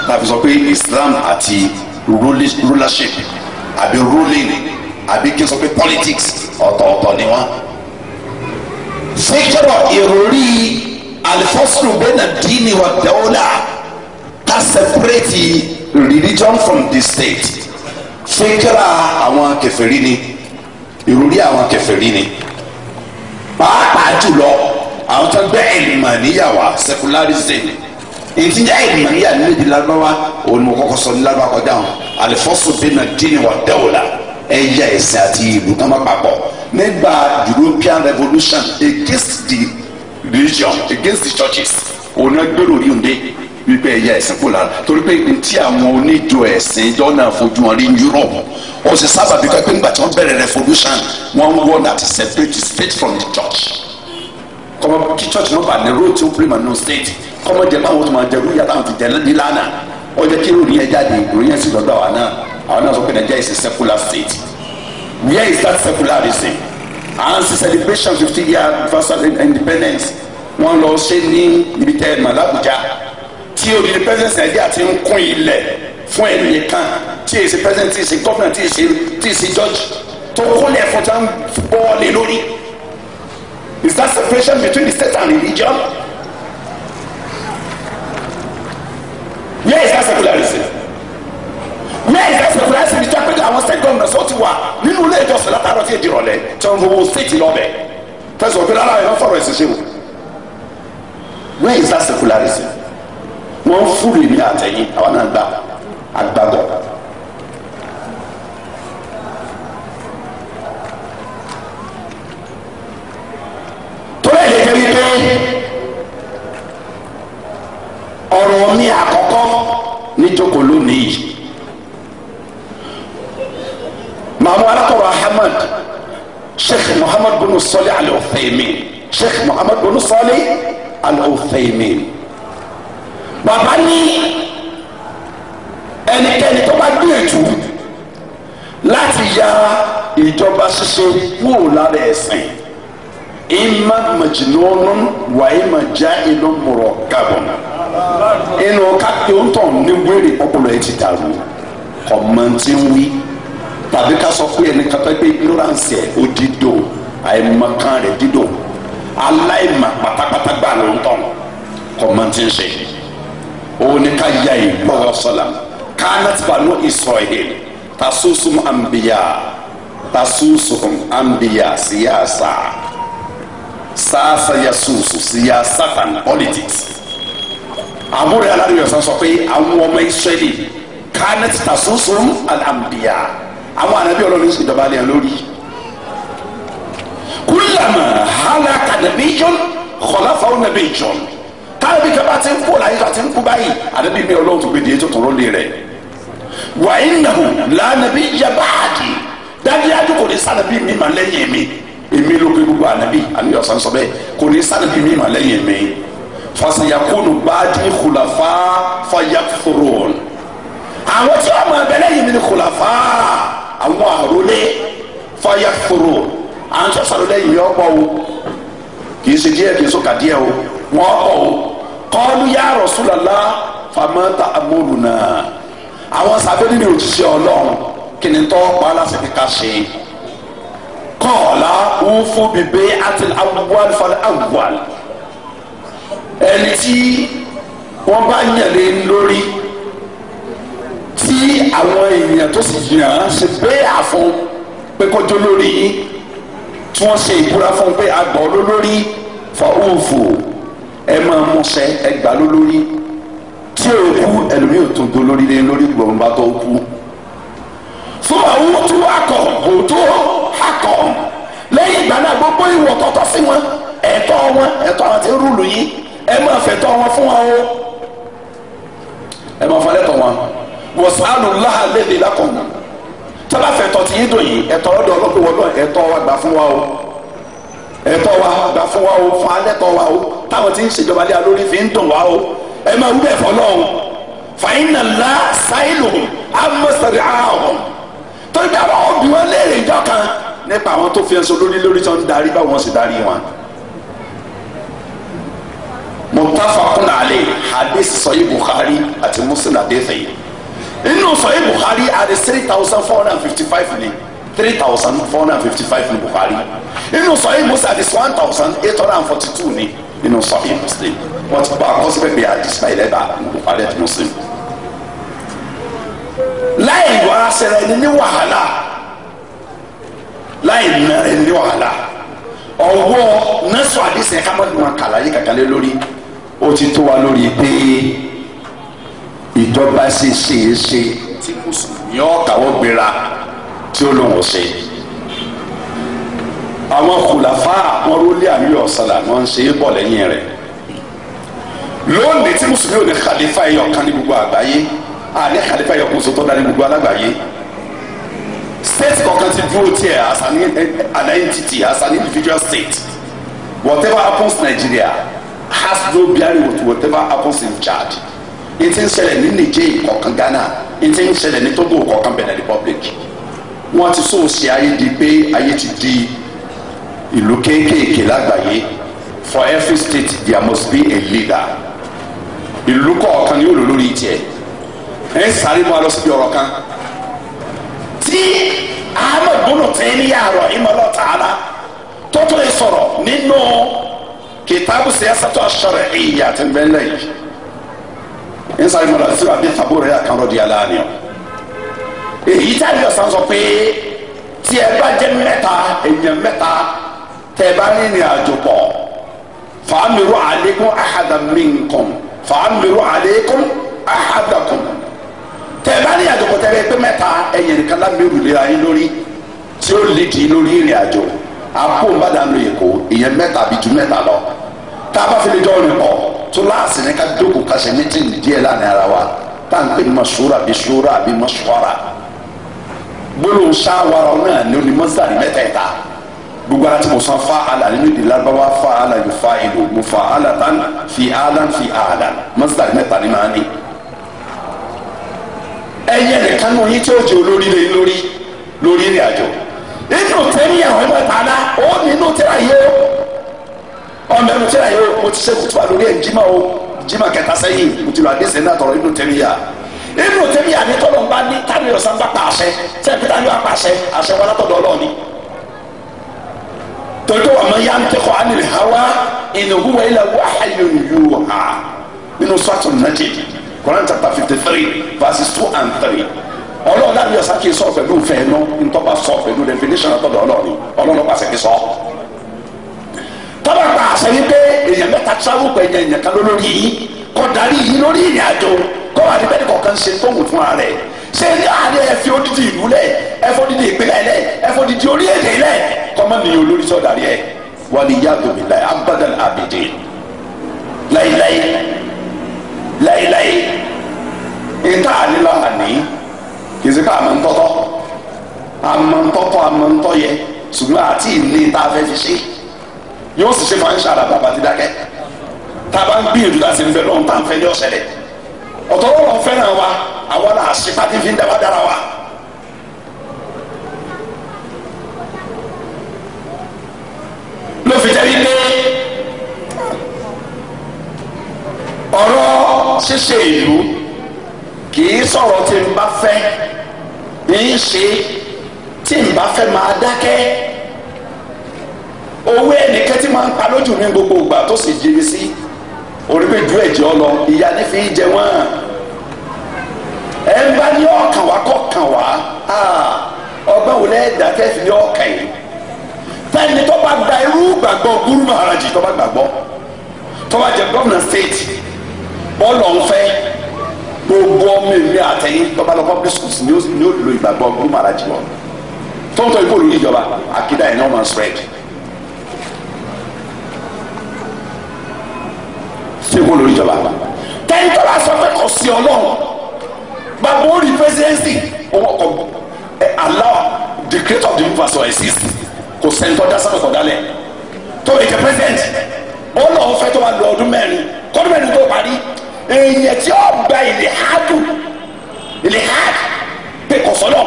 tàbí sọ pé Islam àti rulership àbí ruling àbí kí n sọ pé politics ọ̀tọ̀ọ̀tọ̀ ni wọ́n. fíkẹ́rọ̀ ìròrí alifọ́sùn bẹ́ẹ̀nà dínì wà dẹ́wọ́lá ká sẹpẹ́rẹ́tì religion from the state fíkẹ́rọ̀ àwọn kèfèrí ni ìròrí àwọn kèfèrí ni pàápàá jùlọ àwọn tó gbé ìlìmọ̀ níyàwó secularism èyí jẹ́ ìlìmọ̀ níyàwó níbi lárúbáwá òun ni mo kọ́kọ́ sọ ní lárúbáwá kọjá wọn alifọ́sùn bẹ́ẹ̀nà dínì wà dẹ́wọ́lá ẹ̀yà ẹ̀sìn àti ìlú kan máa papọ̀ nígbà European revolution against the religion against the churches òun náà gbèrò yìí ń dé wípé ẹ̀yà ẹ̀sìn kò lára torí pé ní tí àwọn oníjó ẹ̀sìn ìjọ náà fojú wọn rí Europe ó sì sábà bí pé nígbà tí wọ́n bẹ̀rẹ̀ revolution wọ́n wọ́n láti separate the state from the church kọ́mọ kí church náà bá ní road tí ó pè mọ́ no state kọ́mọ jẹ́ báwọn tó máa jẹ́ rúyà táwọn fi jẹ́ nílànà ó jẹ́ kí ìròyìn yẹn jáde ìròyìn yẹn sì lọ́dọ̀ àwa náà àwa náà sọ pé Nigeria is a secular state where is that secularism and the celebration fifty year anniversary independence wọ́n lọ ṣe ní ibi tẹ́ ẹ̀ mọ̀ l'Abuja tí olùdí president Nigeria ti ń kún ilẹ̀ fún ẹnìkan tí èsì president tí èsì governor tí èsì tí èsì judge tó kólẹ̀ fún tá ń bọ́ọ̀lì lórí is that separation between the state and religion. where is that secularism where is that secularism ìjọ pé àwọn state governors ó ti wà nínú ilé ìjọsìn látàárọ̀ sí ìdìrọ̀lẹ́ tí wọ́n fowó state lọ́bẹ̀ fẹsọ̀ pé rárá ẹ̀rọ fọ̀rọ̀ ẹ̀sìn ṣe wò where is that secularism wọ́n fúru ìní àtẹ̀yìn àwọn náà gbà àgbàgbọ́. torí ẹ̀yẹ̀ kẹ́rin pé ọ̀rọ̀ mi àkọ́kọ́ níjókòó lónìí yìí màmú alákọ̀rọ̀ ahmed sheikh muhammad bin sọlẹ̀ al-Uthaymin sheikh muhammad bin sọlẹ̀ al-Uthaymin bàbá ní ẹnikẹ́ni tó bá gbìyànjú láti ya ìjọba ṣíṣe kúrò lára ẹ̀sìn ima majinunun wa ima jailun murokabun inú kápẹ́ ó ń tàn ní wẹ́rẹ́ ọpọlọ ẹ ti dàrú kọ̀mọ̀ntì ń wí tàbí ká sọ pé ẹnì kan fẹ́ pé ignorance a ó dídò àìmọ̀kan rẹ̀ dídò aláìmọ̀ pátápátá gbà ló ń tàn kọ̀mọ̀ntì ń ṣe òun ni ká ya ìgbọ́wọ́ sọ̀la kánátìbànú Israel tasusum anbiya tasusum anbiya siyasa sáàsà yasusu siyasata and politics àbúrò yàrá rẹ̀ sọ sọ pé àwọn ọmọ israẹli kánẹ́tì tasusu alambiya àwọn ànábì ọlọ́run sì dọ̀bà lẹ́yìn lórí kúlàmà hàlàkà nàbíjọ́n kọ̀láfàó nàbíjọ́n káàbí kaba ti ń kú láyé ká ti ń kú báyìí ànábì mi ọlọ́run tó gbé dìé tó tọrọ lé rẹ̀ wàyí nàhùn lànàbí yabaadi dájú adúgbò ní sànàbí mi mà lẹ́yìn mi èmi ló gbé gbogbo ànábì ànábì ọ̀sán sọ bẹ́ẹ̀ kò ní sànàbì mi mà lẹ́yìn mi fasayakunu baadi kulafa fayakfurun àwọn tí wọn máa bẹ lẹ́yìn mi ni kulafa àwọn àrólé fayakfurun àwọn tí wọn sọ̀rọ̀ lẹ́yìn yọ ọ̀pọ̀ o kì í ṣe díẹ̀ kì í sọkà díẹ̀ o wọn ọ̀pọ̀ o kọlu ya Rasulullah famata amoluna àwọn sábẹ́ nínú òjíṣẹ́ ọlọ́run kìnnìtọ́ pa aláṣẹ kíkà ṣe kọ́ọ̀lá òfò bèbè àti awùwàlì falẹ̀ awùwàlì ẹni tí wọ́n bá yànlé lórí tí àwọn èèyàn tó sì yàn án ṣe bẹ́ẹ̀ àfọ̀n pé kọjọ́ lórí yín tí wọ́n ṣe ìbúra fún un pé àgbọ̀ lólórí fa òfò ẹ máa múṣẹ ẹgbàá lólórí tí òkú ẹlòmíì ò tó dolórí lé lórí gbọ̀ngbà tó kú fún àwọn tó akọ òtó akọ lẹ́yìn ìgbà náà gbogbo ìwọ tọtọ sí wọn ẹ̀tọ́ wọn ẹ̀tọ́ àwọn tí ń rúlù yìí ẹ máa fẹ̀tọ́ wọn fún wọn o ẹ máa fọlẹtọ wọn wọsàánù láhà lẹbi lákọọnà tọ́lá fẹ̀tọ́ ti yín dùn yìí ẹ̀tọ́ ọ̀dọ̀ ọlọ́pẹ̀wọ̀ náà ẹ̀tọ́ wa gbà fún wa o ẹ̀tọ́ wa gbà fún wa o fún alẹ́tọ̀ wa o táwọn tí ń ṣèjọba lé alórí fi ń dùn wa o ẹ máa wúbẹ̀ fọlọ́ o fàyínà lá sáyìlù amọ̀sẹ̀rẹ̀ àhùn torí bí àwọn òbí wọn léèrè ìjọ kan nípa àwọn tó fi ẹsọ lórí lórí tó ń darí báwọn sì darí wọn. muttafaqun alayhi hadith sọyí Bukhari àti Muslim àdéhùn yìí nínú sọyí buhari àti three thousand four hundred and fifty five ni three thousand four hundred and fifty five ni Bukhari nínú sọyí Muslim àti one thousand eight hundred and forty two ni nínú sọyí Muslim wọn ti bá a kọsíbẹ̀ bí i àdìsí báyìí lẹ́bàá buhari àti Muslim láì yọ ara sẹ̀rẹ̀ ẹni ní wàhálà láì nà ẹni ní wàhálà ọwọ́ nẹ́sù àdìsẹ́ kámọ́ni wọn kàlà yìí kàkàlẹ́ lórí ó ti tó wa lórí pé ìjọba ṣe ṣe é ṣe tí mùsùlùmí ọ̀tàwọ́ gbéra tí ó lóun ṣe àwọn kùlàfà àwọn rólé àmì ọ̀sàlà wọn ń ṣe é bọ̀ lẹ́yìn rẹ̀ lónìí tí mùsùlùmí ò ní kàlífà ẹ̀yọ̀ kan ní gbogbo àgbáyé àní khalifa yẹ kóso tó dání gbogbo alágbàáyé state kọ̀ọ̀kan ti dúró tiẹ̀ as an an entity as an individual state whatever happens Nigeria has no bearing with whatever happens in Chad n ti ń ṣẹlẹ̀ ní Niger kọ̀ọ̀kan Ghana n ti ń ṣẹlẹ̀ ní Togo kọ̀ọ̀kan Benin Republic wọ́n ti so ṣe ayé di pé ayé ti di ìlú kéékèèké lágbàáyé for every state there must be a leader ìlú kọ̀ọ̀kan ni yóò lò lórí tiẹ̀ ẹ sáré mu alọ síbi ọ̀rọ̀ kan tí ahmed bùnú tẹ́yìn ní yàrá ìmọ̀lá tààlà tọ́tọ́ yìí sọ̀rọ̀ nínú kìtàbù siyasatọ̀ aṣọ̀rẹ̀ ìyá tẹ̀ ń bẹ́ẹ̀ lẹ́yìn ẹ sáré mu alọ síbi àbí tàbúrò yà kàn lọ́dí yàrá ni ọ èyí tí àlejò sàn sọ pé tí ẹ bá jẹ mẹ́ta èèyàn mẹ́ta tẹ bá ní ìrìn àjò pọ̀ fàámiru aleikum ahadaminkum fàámiru aleikum ahadakum tẹ bá ní àjọkọ tẹ bẹ pé mẹ́ta ẹyẹ nìkan lámìrù lera yín lórí tí ó lè dì lórí ìrìn àjò àpò èkó ìyẹn mẹ́ta bí ju mẹ́ta lọ tá a bá fi lè jọ ọrìn pọ tó láàsì ní ká dókòó ká ṣe mítìnì díẹ̀ láàrin ara wa tá à ń pè ní masura bí sura àbí masuara gbólóhùn sáwara náà ní oní mọ́sálì mẹ́tẹ̀ẹ̀ta gbogbo ara tí mo san fa ala nínú ìdí lábáwá fa ala yóò fa ìlú mo fa ala tán fi ala fi ala mọ́sálì mẹ́ta ni màá ní ẹyẹ nìkan nù yín tí ó jẹ olórí lé lórí lórí ìrìn àjò nínú tẹ́lẹ̀ àwọn ẹgbẹ́ tààlà ó nínú tẹ́lẹ̀ yìí ó ọmọ ẹnu tẹ́lẹ̀ yìí ó mo ti ṣe kùtùbà lórí ẹ̀ jimá o jimá kẹta sẹ́yìn mo ti lọ àdé sẹ́yìn náà tọ̀rọ̀ nínú tẹ́lẹ̀ yà nínú tẹ́lẹ̀ yà ni tọ́lọ̀ ń bá ní tani ọ̀sán bá pa àṣẹ tẹ́ pété ayọ́ apá àṣẹ àṣẹ wọn látọ̀dọ̀ ọlọ́ọ̀ni tọ́jú àmọ́ yá ń tẹ́kọ̀ ánìlẹ̀ hawa ìnáwó wẹ̀ ilẹ̀ wọ́ Quran chapter fifty three verses two and three ọlọ́run láti yọ sákì sọ pẹ̀lú fẹ́ẹ́nu ntọ́ba sọ pẹ̀lú definition ọ̀tọ̀dọ̀ ọlọ́run ọlọ́run pàṣẹ kí sọ. tọ́ba gba àṣẹ yìí pé èèyàn mẹ́ta travel pẹ̀lú èèyàn kan lórí yìí kọ́ darí yìí lórí ìrìn àjò kọ́ wà níbẹ̀ kọ̀ọ̀kan ṣe tó wù fún ààrẹ ṣé ní àárẹ̀ ẹ fi odidi ìlú lẹ̀ ẹ fọ́ didi ìpínlẹ̀ lẹ̀ ẹ fọ́ didi orílẹ̀-èdè láéláé ìta ànílà àní kìsì pa àmọ́ ntọ́tọ́ àmọ́ ntọ́tọ́ àmọ́ ntọ́yẹ ṣùgbọ́n àti ìní tá a fẹ́ fi ṣe yóò sì ṣe fún àyíṣà àlàbà àbàtì dákẹ́ tá a bá ń gbìyànjú láti ń fẹ́ lọ́hùn tá a ń fẹ́ ní ọ̀sẹ̀ rẹ̀ fẹ́ràn wa àwa là á fi ń dábàá dára wa. ló fi jẹ́ wípé ọ̀rọ̀ ṣíṣe ìlú kì í sọ̀rọ̀ tí n bá fẹ́ ní í ṣe tí n bá fẹ́ máa dákẹ́ owó ẹnìkan tí máa ń pa lójú ní gbogbo ìgbà tó sì jírí sí orígbèjú ẹ̀jẹ̀ ọ lọ ìyá ní fi jẹ wọ́n ẹ̀ ń bá ní ọkàn wá kọ̀ọ̀kan wá ọgbọ́n wò lẹ́ẹ̀dá kẹ́fì ní ọkàn yìí fẹ́ni tó bá gba irú gbàgbọ́ gúrú maharaji tó bá gbàgbọ́ tó bá jẹ gómìnà stéètì bọ́ọ̀lù ọ̀nfẹ́ gbogbo ọmọ èmi àtẹ̀yìn tọ́ba lọ public schools ni ó ní ó lo ìgbàgbọ́ gbọ́mọ alájí wọn tọ́ntọ́ ikú olùyí ìjọba àkídá ẹ̀ ní ọmọ spread ṣé kó lórí ìjọba tẹ́ńtọ́ la sọ pé kò sí ọlọ́run gbàgbọ́ orí presidency owó ọkọ̀ Allah the creator of the universe or exist kò sẹ́ńtọ́ dásán kọ̀ dálẹ̀ tó ìjẹ́ president ó lọ́ọ́ fẹ́ tó wà lọ ọdún mẹ́rin kọ́dún mẹ́rin tó parí èèyàn tí ó gba ìlẹ̀hádù ìlẹ̀hádù pé kò sọ́lọ̀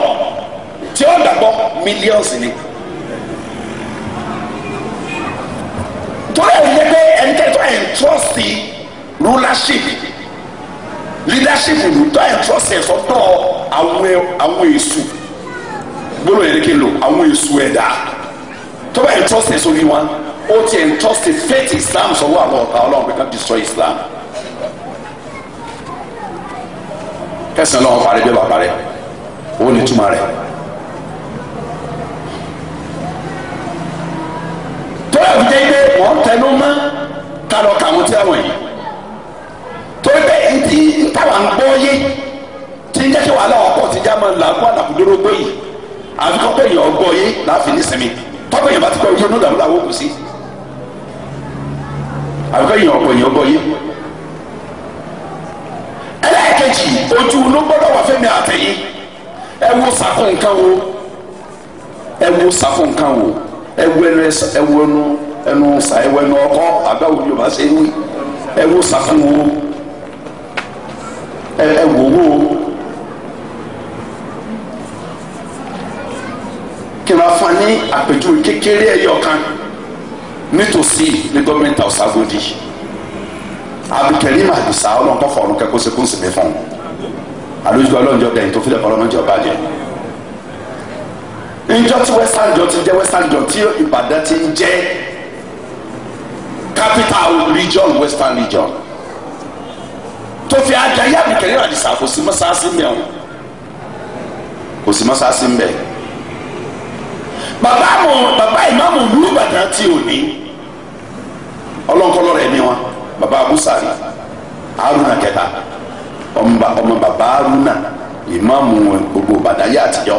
tí ó gbàgbọ́ millions ni. torí ẹ̀ ń yẹ pé ẹni tẹ́tọ́ ẹ̀ ń trọ́ọ̀sì rulership leadership ló tọ́ ẹ̀ trọ́ọ̀sì ẹ̀ sọ́tọ̀ àwọn èṣù gbọ́dọ̀ yẹn kí n lò àwọn èṣù ẹ̀dá tó bá ẹ̀ trọ́ọ̀sì ẹ̀ sórí wọn ó ti ẹ̀ trọ́ọ̀sì faith Islam sọ́wọ́ àwọn ọ̀tá ọlọ́run pé ká destroy Islam. kẹsàn-án lọ́wọ́ parí bí bàbá rẹ̀ ó ní túmọ̀ rẹ̀. tóyà fi jẹ́ pé wọ́n tẹnu mọ́ ká lọ kà a tí àwọn yìí torí pé ntí ntàwọn ń gbọ́ yé tí ń jẹ́ kí wàhálà ọkọ̀ ti já mọ́ làákọ́ àlàkùdóró gbé yìí àfikọ́ pé èèyàn gbọ́ yé láàfin nísìnyí tọ́pọ̀ èèyàn bá ti gbọ́ yé ní ìdààmú làwọn kù sí àfikọ́ èèyàn ọ̀pọ̀ èèyàn gbọ́ yé ẹlẹ́ẹ̀kejì ojú ló gbọ́dọ̀ wà fẹ́mi àtẹ̀yìn ẹ wo sáfù nǹkan wo ẹ wo sáfù nǹkan wo ẹ ẹnu ẹ ẹnu ẹnu sa ẹ wo ẹnu ọkọ àbáwò yorùbá ṣe wí ẹ wo sáfù wo ẹ ẹ wo wo kìlọ̀ fún ní àpèjúwe kékeré ẹ̀yọ̀ kan nítòsí ní gọ́ọ̀mẹ̀ntì ọ̀sàgòdì abdulkareem adisa ọlọ́run kọ́ fọ̀ọ́nù kẹ́kọ́ ṣe kún síbi fún un àlójúgbọ́ ọlọ́run jọ bẹ́ẹ̀ tó fi lẹ́kọ̀ọ́ ọlọ́run jọ bàjẹ́ njọ tí western jọ ti jẹ́ western jọ tí ìbàdàn ti ń jẹ́ capital region western region tó fi ajá yá abdulkareem adisa kò sí mọ́sáàsì mbẹ́ wọn kò sí mọ́sáàsì mbẹ́ bàbá ìmáàmù lùbàdàn ti òní ọlọ́nkọ́lọ́ rẹ̀ ni wọn baba abusari haruna kẹta ọmọ baba haruna ìmáàmù gbogbo bàdáyé àtijọ́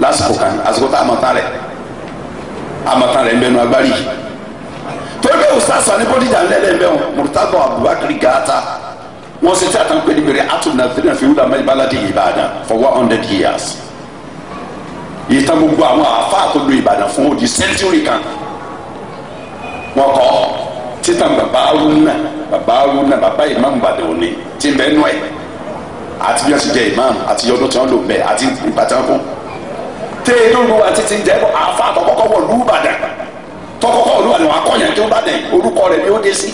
lásìkò kan àsìkò tá a mọ̀ tán rẹ̀ a mọ̀ tán rẹ̀ ń bẹnu agbárí torí bẹ́ẹ̀ ustaz ní bọ́díjà ńlẹ̀ lẹ́yìn bẹ́ẹ̀ murtado abubakar gata wọ́n ṣe tí a tán pé ní bèrè atúndà tẹ́lẹ̀ fi wúlò amẹ́lẹ́ baládé ìbàdàn for one hundred years ìtàn gbogbo àwọn àfa àtọ́jú ìbàdàn fún òdi sẹ́ńtúrì kan wọ́n kọ́ títan bàbá arúnà bàbá arúnà bàbá ìmáàmù bàdàn òní ti bẹ́ẹ̀ nù ẹ̀ àti bí wọ́n ti jẹ ìmáàmù àti ọdún tí wọ́n lò mẹ́ àti ìgbà tí wọ́n fún. tẹ́ ẹ lóru àti ti ń jẹ́ bọ́ àfa àtọ́kọ́kọ́ wọ̀ lùbàdàn tọ́kọ́kọ́ olùbàdàn wà kọ́yàn tó bá dẹ̀ orúkọ rẹ̀ ni ó dé sí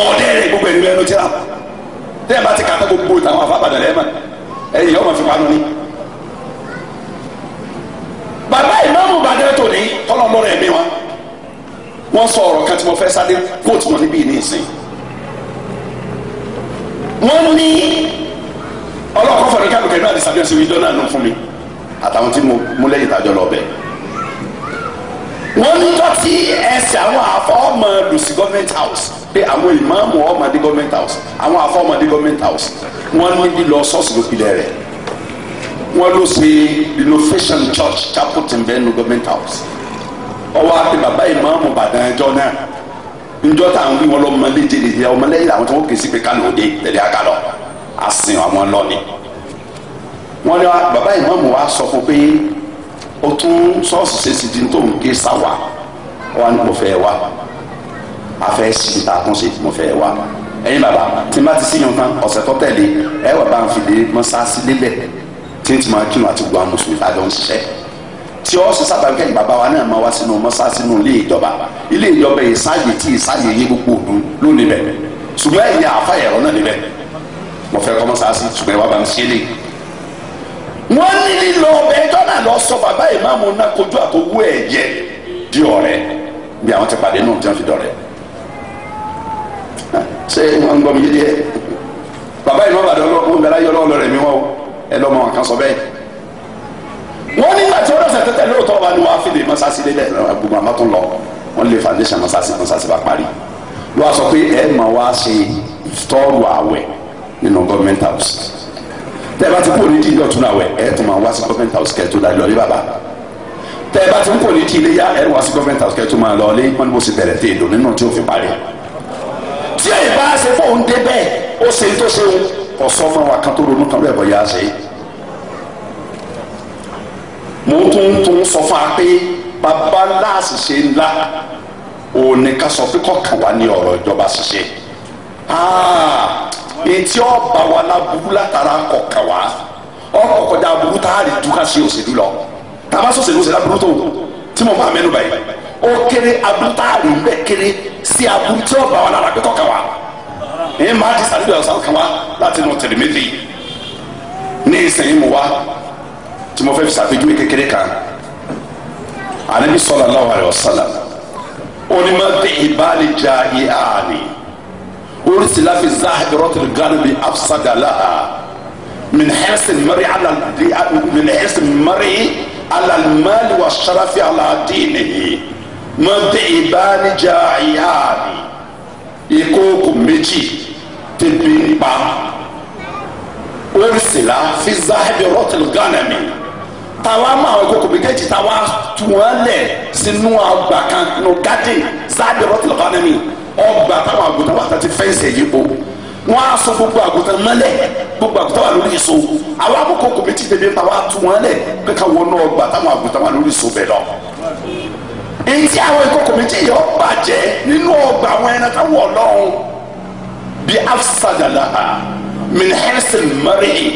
ọ̀ọ́dẹ́ rẹ̀ gbogbo ẹ̀nu ẹnu tíra tẹ́ ẹ bá ti kàtà gbogbo ìtàwọn àfàbàdàn rẹ̀ mọ̀ ẹ̀yìn ọmọ fi panu ni. bàbá ìmáàmù bàdàn tòní tọ́lọ́mọ́ rẹ̀ mi wọn wọ́n sọ ọ̀rọ̀ kan tí mo fẹ́ sáré kóòtù wọn níbí nísìn wọ́n ní ọlọ́kọ̀ fọ̀rọ̀ kí àbùkẹ́ náà ní sàbíọ̀sì wí dọ́nà nù fún mi àtàwọn tí mo lẹ́yìn tàjọ lọ bẹ́ẹ̀ wọ́n ní tọ́tí ẹsẹ̀ àwọn àfọ́mọ lùsí government house pé àwọn ìmáàmù ọmọdé government house àwọn àfọ́mọdé government house wọ́n ní lílọ sọ́ọ̀sì lópinlẹ̀ rẹ̀ wọ́n ló ṣe renovation church chapel tìǹbẹ́nu government house ọwọ́ àti bàbá ìmáàmù bàdàn ẹjọ́ náà njọ́ tá à ń wí wọn lọ́mọ léje lè yẹ ọmọ lẹ́yìn àwọn tí wọ́n kè sí pé kánò dé tẹ̀lé àkàlọ́ àsìn àwọn lọ́ni. wọ́n ní bàbá ìmáàmù wa sọ fún pé ó tún sọ́ọ̀sì ṣèṣì di tó ń ké sáwà wa ni mo fẹ́ wa a fẹ́ sí ta tún ṣe mo fẹ́ wa ẹ̀yin bàbá tí n bá ti sí yan ọ̀sẹ̀ tó tẹ̀lé ẹ wà bá ń fi lè mọ́sáàsì lélẹ̀ tí n ti máa kírun àti gbọ́ àwọn mùsùlùmí tá a ń ṣiṣẹ́ tí ó sì sàtàkẹ́ bàbá wa náà máa wá sínú mọ́sá sínú ilé ìjọba ilé ìjọba yìí sáàyè tí ìsáàyè yé gbogbo òdun ló níbẹ̀ ṣùgbọ́n ẹ̀yìn àfa ẹ̀rọ náà níbẹ̀ mo fẹ́ kọ́ mọ́sá sí ṣùgbọ́n ìwà bá ń ṣe lè. wọ́n ní lílọ ọbẹ̀ ẹjọ́ náà lọ sọ bàbá ìmáàmù náà kojú àtọwọ́ ẹ̀ yẹ di ọ̀rẹ́ bí àwọn ti pàdé náà tí wọ́n fi dọ̀rẹ́ ah, ṣé wọ́n ń gbọ́ mi yé díẹ̀ bàbá ìmáàmù àdó ọlọ́run wọ́n nígbà tí ó lọ́sẹ̀ tẹ́tẹ́ lóòótọ́ wa ni wọ́n á fi lè mọ́sáàsì lé bẹ́ẹ̀ gbogbo àmọ́ tó ń lọ wọ́n lè foundation mọ́sáàsì mọ́sáàsì bá parí ló wá sọ pé ẹ mọ̀ wá ṣe ìtọ́rù àwẹ̀ nínú government house tẹ́ ẹ bá ti kú òní dìde ọ̀tún àwẹ̀ ẹ tún máa wá sí government house kẹ́ tó dájú ọ̀lẹ́ bàbá tẹ́ ẹ bá ti kú òní dìde yá ẹ wá sí government house kẹ́ tó máa lọ ọ̀lẹ́ wọn ni mo sì bẹ̀rẹ̀ tẹ́ èdò nínú tí ó fi parí tí ẹ bá ṣe fóun dé bẹ́ẹ̀ ó ṣe tó ṣe kò fún wa kan tó ronú kan bẹ́ẹ̀ bọ́ yá ṣe é mo tún tún sọ fún wa pé bàbá ńlá àṣìṣe ńlá òní ká sọ pé kọkàn wá ní ọ̀rọ̀ ìjọba ṣiṣẹ́ etí ọba wa láburú látara kọkàn wá ọkọ̀ kọjá aburú tá a lè dúkà sí òṣèlú lọ tàbá sọ̀sẹ̀ lóṣèlú aburú tó tí mo máa mẹ́nu báyìí ó kéré aburú tá a lè ń bẹ́ kéré sí aburú tí ọba wa lára pé kọkàn wá ẹ̀ máa ti sàdúrà ọ̀sán kan wá láti nù tẹ̀lé méjì ní ìsẹ̀yìn mu wá tí mo fẹ́ fi ṣàpèjúwe kékeré kan anabi sallallahu alaihi wasallam onímọ̀tẹ́ ìbáàlì jà ìhàní orísìlá fi záhìrọ́tì gánàbí afsadàlá min hẹ́sìn mari ala min hẹ́sìn mari ala mali wa sarafi ala diinihi mọ̀tẹ́ ìbáàlì jà ìhàní ìkókò méjì tẹ̀lé nípa orísìlá fi záhìrọ́tì gánàbí táwa mọ àwọn ìkókò méjèèjì táwa tù wọ́n lẹ̀ sínú ọgbà kan nù gádìn sáàdì rọ́tìlì kọ́nẹ́mì ọgbà táwọn àgùntàn wà tàti fẹ́ǹsì ẹ̀yìn bò wọ́n á so gbogbo àgùntàn mọ́lẹ̀ gbogbo àgùntàn wà lórí èso àwọn àkókò méjì tẹ̀lé táwa tù wọ́n lẹ̀ pé ká wọnú ọgbà táwọn àgùntàn wà lórí èso bẹ̀ lọ ntí àwọn ìkókò méjì yọ bàjẹ́ nínú ọgbà àwọn ẹran táwọn ọlọ́run bíi afsadalaha minhẹ́sìn mọ́rìí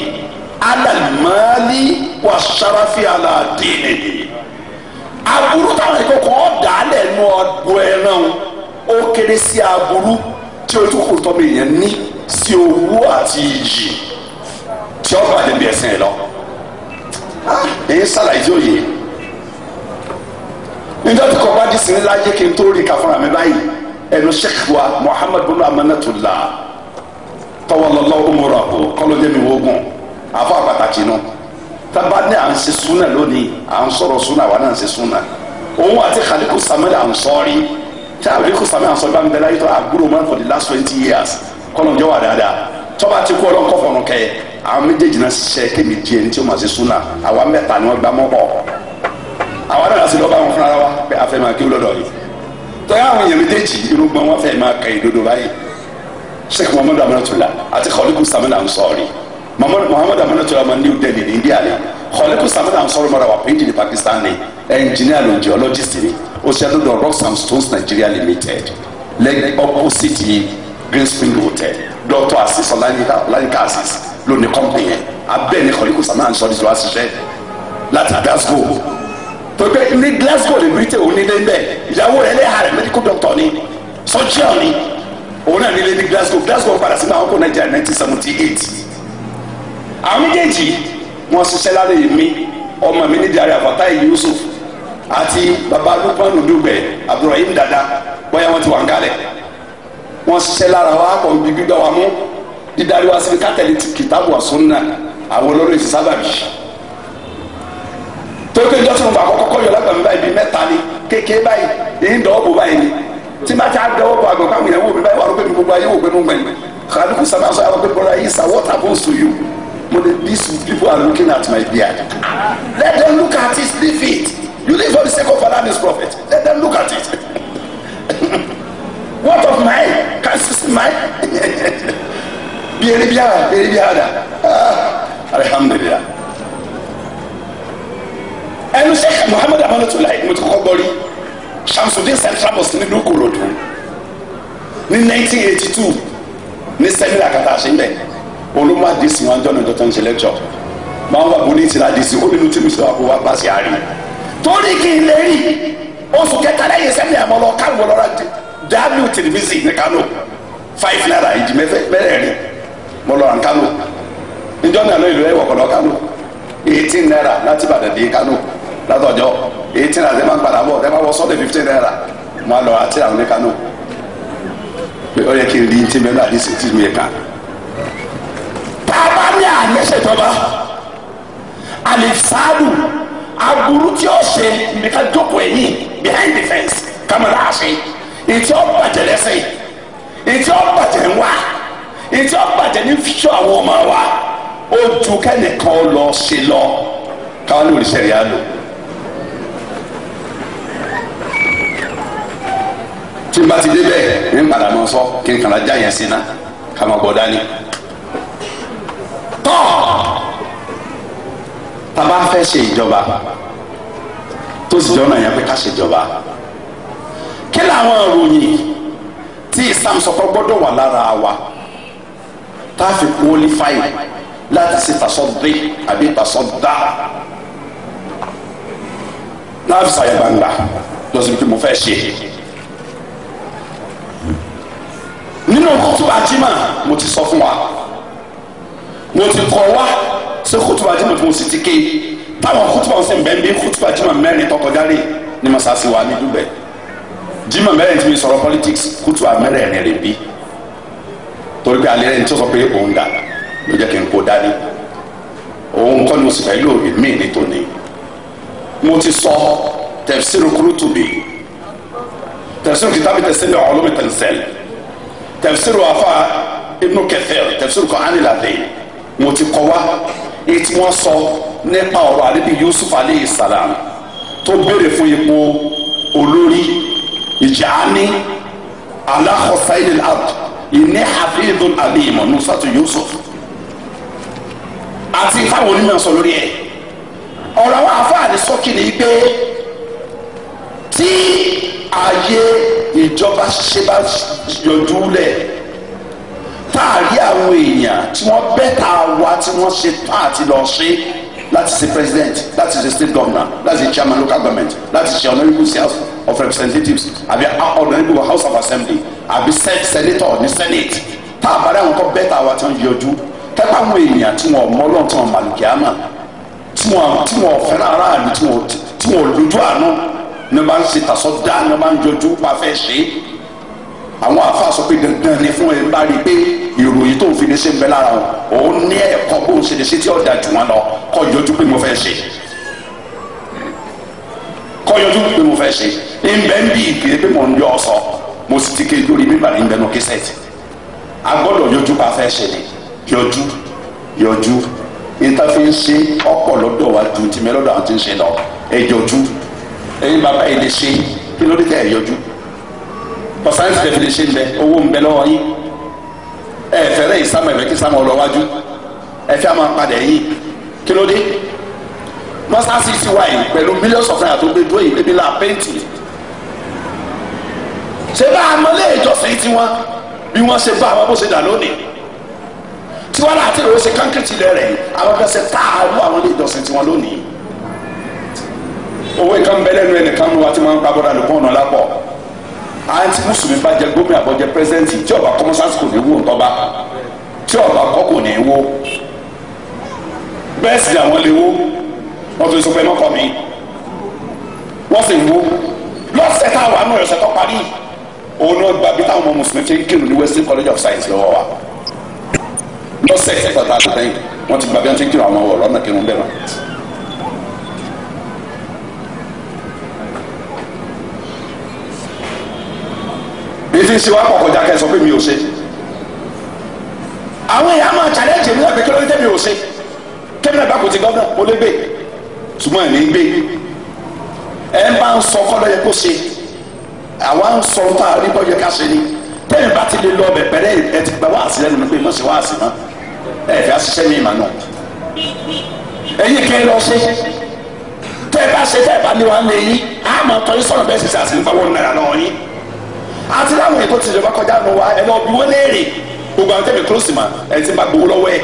alimali wa sarafi ala diini ni aburú táwọn ìkókò ọ̀dà alẹ̀ nù ọdún ẹran ó kéré sí aburú tí ojú kò tọ́ mi yẹn ní sí owó àti iyì tí ọba àdébí ẹ̀sìn ẹ̀ lọ èyí sàlàyé tí ó yẹ níjọ́ tí kò bá di sinmi láyé kí n tó rí kàfúnra mi báyìí ẹnu sheikh wa muhammadu amanatullah tọwọlọlọ umurahu kọlọjẹmi wogun àfa pàtàkì nu tábà ní à ń ṣe súnà lónìí à ń wa náà ń ṣe súnà òun àti khaliku samuel ansori tí khaliku samuel ansori bá ń bẹ láyé tó àgbúrò man for the last twenty years kọ́nà jẹ́ wà dáadáa ti kú ọlọ́nkọ́ fọ̀nù kẹ́ àwọn méjèèjì náà ṣiṣẹ́ kémi díẹ̀ ní tí ó máa ṣe súnà àwa ni wọ́n gbá mọ́ àwa náà sì lọ́ba wọn fúnra wa pé a fẹ́ kí lọ́dọ̀ yìí tọ́yà àwọn èèyàn méjèèjì irú gbọ́n wọn fẹ́ máa kẹ́ ìdodo báyìí sheikh muhammadu amadu tula àti khaliku samuel ansori muhammadu aminatu rahman new delhi ní india ni kọ́lẹ́kù samad ansori mara wa pindi ní pakistan ni engineer ló geologist ni ó ṣe àdúgbò rocks and stones nigeria limited lẹ́gbẹ̀ẹ́ City green spring hotel dr asis ọláyínká asis ló ní company yẹn abẹ́ ní kọ́lẹ́kù samad ansori ló wá ṣiṣẹ́ láti glasgow tọ́gbẹ́ ní glasgow ní britain òun nílé bẹ́ẹ̀ ìyàwó rẹ̀ lẹ́yà rẹ̀ medical doctor ni surgeon ni òun náà nílé ní glasgow glasgow padà sí ma ọkọ̀ nàìjíríà nineteen seventy eight àwọn méjèèjì wọ́n ṣiṣẹ́ lára èmi ọmọ mi nídìí ara Fatai Yusuf àti baba Lukman Dugbe Abdulrahim Dada bóyá wọ́n ti wà ń kalẹ̀ wọ́n ṣiṣẹ́ lára wa pọ̀ níbi gbígbà wa mú dídarí wa síbi kátẹ́lì kìtàbù wa àwọn olórí ìsìn sábàbí torí pé ìjọsìn mo fà kọ́kọ́ yọ lágbàmí báyìí bíi mẹ́ta ni kékeré báyìí èyí ń dọ́wọ́ bò báyìí ni tí bá ti á dọ́wọ́ bò àgbẹ̀ káwọn èèyàn wò mí báyìí wà ló pé mi gbogbo ayé wò pé mo gbẹ̀yìn kàdúkù sábà àwọn pé bọ́lá yìí sà wọ́tà bó so but these people are looking at my beard. Let them look at it, leave it. You live for the sake of Allah and His Prophet. Let them look at it. (laughs) what of mine? Can you see mine? (laughs) Biyaribiya, biyaribiya ah, Alhamdulillah. Ẹnu Sheikh Muhammad Amanatulayi mo ti kọ́kọ́ gbọ́ rí Shamsuddin Central Mosque nínú Kòròdú ní 1982 ní sẹ́mínà kàtà ṣe ń bẹ̀rẹ̀ olóńgbò àdìsí wọn jọ̀nà ìjọ tó ń ṣe lẹ́kṣọ̀ máa ń wà bó ní ìsìn àdìsí ó nínú tí mi sọ àpò wa bá sí àárín torí kí n lè rí oṣù kẹta lẹ́yìn sẹ́mi àmọ́ lọ káwọn lọ́ra dáàbì tìrìbìsì ní Kano five naira ìdí mẹ́rẹ̀ẹ̀rin mo lọ́ra ní Kano níjọ́ náà lóyún lóyún ìwọ̀kọ̀ lọ Kano eighteen naira láti Ìbàdàn dé Kano látọjọ́ eighteen naira tẹ́lẹ̀ máa ń padà bọ̀ tẹ́lẹ̀ máa wọ sọ́dẹ̀ fifteen naira mo lọ́ra àti àwọn ní Kano ó yẹ kí n rí ti mẹ́rin àdìsí ti mi kàn tá a bá ní àmẹ́sẹ̀jọba àlìfáàlù aburú tí ó ṣe nìkan jókòó ẹ̀yìn behind the fence kàmúlà àṣẹ ètí ó bàjẹ́ lẹ́sẹ̀ ètí ó bàjẹ́ ń wá ètí ó bàjẹ́ ní fíṣọ́ àwọn ọmọ wa ó ju kẹ́nìkan lọ ṣe lọ káwọn ní òrìṣẹ́ rẹ̀ á lò. tí n bá ti débẹ̀ ní n padà mọ sọ kí n kàn á já yẹn sí náà ká máa gbọ́ dání tọ́ tàbá fẹ́ ṣe ìjọba tó sì jọ́ náà yẹn pé ká ṣèjọba kí làwọn ìròyìn tí Islam sọpọ́ gbọ́dọ̀ wà lára wa tá a fi qualify láti ṣe tasọ́dé àbí tasọ́dá náà fi ṣàyẹ̀ gbangba lọ sí ibi tí mo fẹ́ ṣe. nínú kótó àjímà mo ti sọ fún wa mo ti kọ́ wá sí kútùbà jimá tí mo sì ti ké táwọn kútùbà ń sìn bẹ́ẹ̀ bí kútùbà jimá mẹ́rin tọkọjá rè ní masasi wa ní dúbẹ̀ jimá mẹ́rin tí mi sọ̀rọ̀ politics kútùbà mẹ́rin rè bí torí pé alẹ́ rẹ̀ ń tí sọ pé òun dà ló jẹ́ kí n kó dání òun kọ́ ni mo sì fẹ́ lò mí ní tòní mo ti sọ tafsir Qurtubi tafsir kitabi tafsir ulum tanzil tafsir afa Ibn Kathir tafsir Qur'an al-Azim mo ti kọ wá èyí tí wọ́n sọ nípa ọ̀rọ̀ àdébí Yusuf aleyhi salam tó béèrè fún ipò olórí ìjàání aláhọ̀sáìlì ab ìní hafidun alimu nusatu Yusuf àti táwọn onímọ̀ sọ lórí ẹ̀ ọ̀rọ̀ àwọn afáàní sọ́kì ni pé tí ààyè ìjọba ṣe bá yọjú lẹ̀ táàrí àwọn èèyàn tí wọ́n bẹ́tà wa tí wọ́n ṣe tán àti lọ ṣe láti ṣe president láti ṣe state governor láti ṣe chairman local government láti ṣe honourable house of representatives àbí honourable house of assembly àbí senator ní senate táàbárí àwọn kan bẹ́tà wa tí wọ́n yọjú tẹ́lẹ̀ àwọn èèyàn tí wọ́n mọ́ lọ́n tí wọ́n màlùkì àmà tí wọ́n tí wọ́n fẹ́ràn aráàlú tí wọ́n lójú àánú ní wọ́n bá ń ṣe tàṣọ́ dá ní wọ́n bá ń yọjú bá fẹ́ ṣe é àwọn afa sọ pé dandan ni fún ẹ bá rí i pé ìròyìn tó ń fi ní ṣe ń bẹ lára wọn òun ní ẹ̀kọ́ bó ń ṣe ní ṣe tí ọ̀dà jù wọn lọ kọ́ yọjú pé mo fẹ́ ṣe kọ́ yọjú pé mo fẹ́ ṣe ìbẹ́ ń bí ìkéde pé mo ń yọ ọ sọ mo sì ti ké lórí mímbà ní ìbẹ́nu kíṣẹ́ẹ̀tì a gbọ́dọ̀ yọjú bá fẹ́ ṣe ni yọjú yọjú ìtàfẹ́ ń ṣe ọ̀pọ̀ lọ́dọ̀ wa ju tìmẹ́ lọ́dọ̀ àwọn tí ń ṣe lọ ẹ yọjú ẹ̀yin bàbá yìí lè ṣe kí ló dé tẹ́ ẹ yọjú for science definition bẹ owó ń bẹ lọ́wọ́ yín ẹ fẹ́rẹ̀ yìí sámọ̀ ẹ̀fẹ́ kí sámọ̀ lọ wájú ẹ fẹ́ máa padà yìí kí ló dé mọ́sáàsì ti wáyé pẹ̀lú millions of naira tó gbé dúró yìí ebi la pẹ́ǹtì ṣé bá a mọ lé ìjọsìn tiwọn bí wọ́n ṣe bá àwọn bó ṣe dà lónìí tiwọn láti rò ó ṣe kánkìtì lẹ rẹ àwọn kan ṣe tá àlú àwọn lé ìjọsìn tiwọn lónìí owó ìkànnì bẹ́lẹ́ nu ẹnìkan nu wa ti máa ń pa lùkọ́ ọ̀nà lápọ̀ àǹtí mùsùlùmí bá jẹ gómìnà àbọ̀jẹ pírẹsidẹ́ǹtì tí ọba kọ́mọ́sáàsì kò ní wò ń tọ́ba tí ọba kọ́ kò ní wò bẹ́ẹ̀ sì làwọn lè wò wọ́n fi sọ pé ẹnu kọ́ mi wọ́n sì wò lọ́sẹ̀ táwọn àánú ẹ̀sẹ̀ tó parí òun náà gba bí táwọn ọmọ mùsùlùmí ti ń kírun ní Western College of Science lọ́wọ́ wa lọ́sẹ̀ ẹ̀sẹ̀ tó ta àtàlẹ́yìn wọ́n ti gba bí wọ́n ti ń kírun àwọn ọ̀rọ̀ ọ̀nà kírun bẹ́ẹ̀ náà. ètò ìṣe wa kọ̀kọ̀ jà kẹsàn pé mi ò ṣe àwọn èèyàn máa challenge mi náà pé kí ló dé mi ò ṣe kébìnrin bá kò ti gọ́dọ̀ mo lè gbé ṣùgbọ́n ẹ̀mí gbé ẹ̀ ń bá ń sọ kọ́ lọ́yẹ kó ṣe àwa ń sọ fún àárín bọ́yẹ ká ṣe ni tẹ́yìn bá ti lè lọ ọbẹ̀ pẹ̀lẹ́ ẹ ti gba wáàsí lẹ́nu mi pé mọ̀ sí wáàsí náà ẹ̀ fẹ́ ṣiṣẹ́ mi ìmọ̀ náà ẹ̀yìn kẹ́ ẹ lọ ṣe tẹ́ bá ṣe tẹ́ bá ní wa ń lè àmọ́ tọ́ àti láwọn ètò tìjọba kọjá nu wa ẹ lọ bí wọ́n léèrè gbogbo àwọn tẹ̀mí kúrò sí ma ẹ̀ ti bá gbowó lọ́wọ́ ẹ̀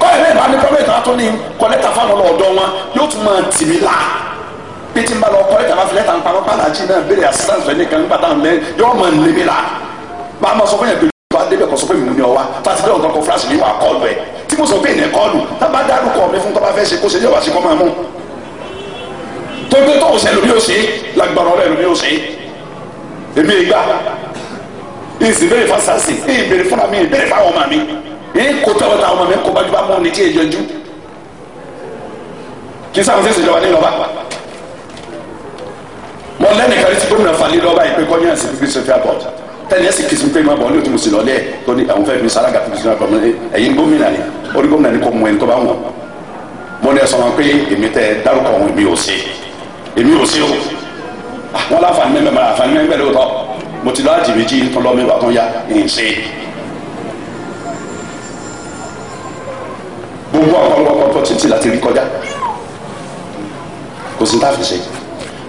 kọ́lẹ̀ náà bá ní pẹ́ẹ́mẹ́tì náà tó ní kọ́lẹ́tà fáwọn ọ̀dọ́ wọn yóò tún máa tì mí la bí ti ń bá lọ kọ́lẹ́tà bá filẹ̀ tà ń pa wọ́n pàdé àjì náà béèrè assistance fẹ́ nìkan nígbà táwọn mẹ́rin yóò máa lé mi la bá a máa sọ fún yẹn pé wà á débẹ̀ kọ́ sọ pé mi ni ọ wa fásitì bẹ́ẹ̀ ọ̀gá kan fúláṣì ní wà á tá bá dárúkọ mi fún tọ́ba fẹ́ ṣe kó ṣe yẹ wá sí kọ́ máa mú tó gbé tó òṣèlú mi ò ṣe lágbára ọlọ́ọ̀lù mi èmi ìgbà ìsì bèrè fún sàásì ìyìn e bèrè fún mi ìbèrè e fún àwọn ọmọ mi ìyìn e kó tẹ́wọ́ ta ọmọ mi kó bájú bá mú ní tí èyí yanjú kí sáwọn sèse ìjọba nílọba mọ lẹ́nu ìkàrí ti gómìnà falẹ̀ lọ́ba ìpè kọ́ ní àti bíbí sọfíà bọ̀ tẹ́lẹ̀ ẹ̀sì kìsì pé máa bọ̀ ní òtún mùsùlùmí ọ̀lẹ́ tó ní àwọn fẹ́ẹ́ fi sálága fún mùsùlùmí àgbà ẹ̀yìn gómìnà ni orí gómìnà ni kò mú ẹni tó bá wọn mọ ní ẹ̀sán wọn pé èmi tẹ dárúkọ òun èmi ò sí èmi ò sí o wọn láǹfààní mẹ́mẹ́ mẹ́ra àǹfààní mẹ́mẹ́ lóòótọ́ mo ti lọ́ọ́ àjì méjì tó lọ́ọ́ tó ń yá ẹ̀yìn sí gbogbo ọ̀pọ̀lọpọ̀ tó ti ti láti rí kọjá kò sí táfi ṣe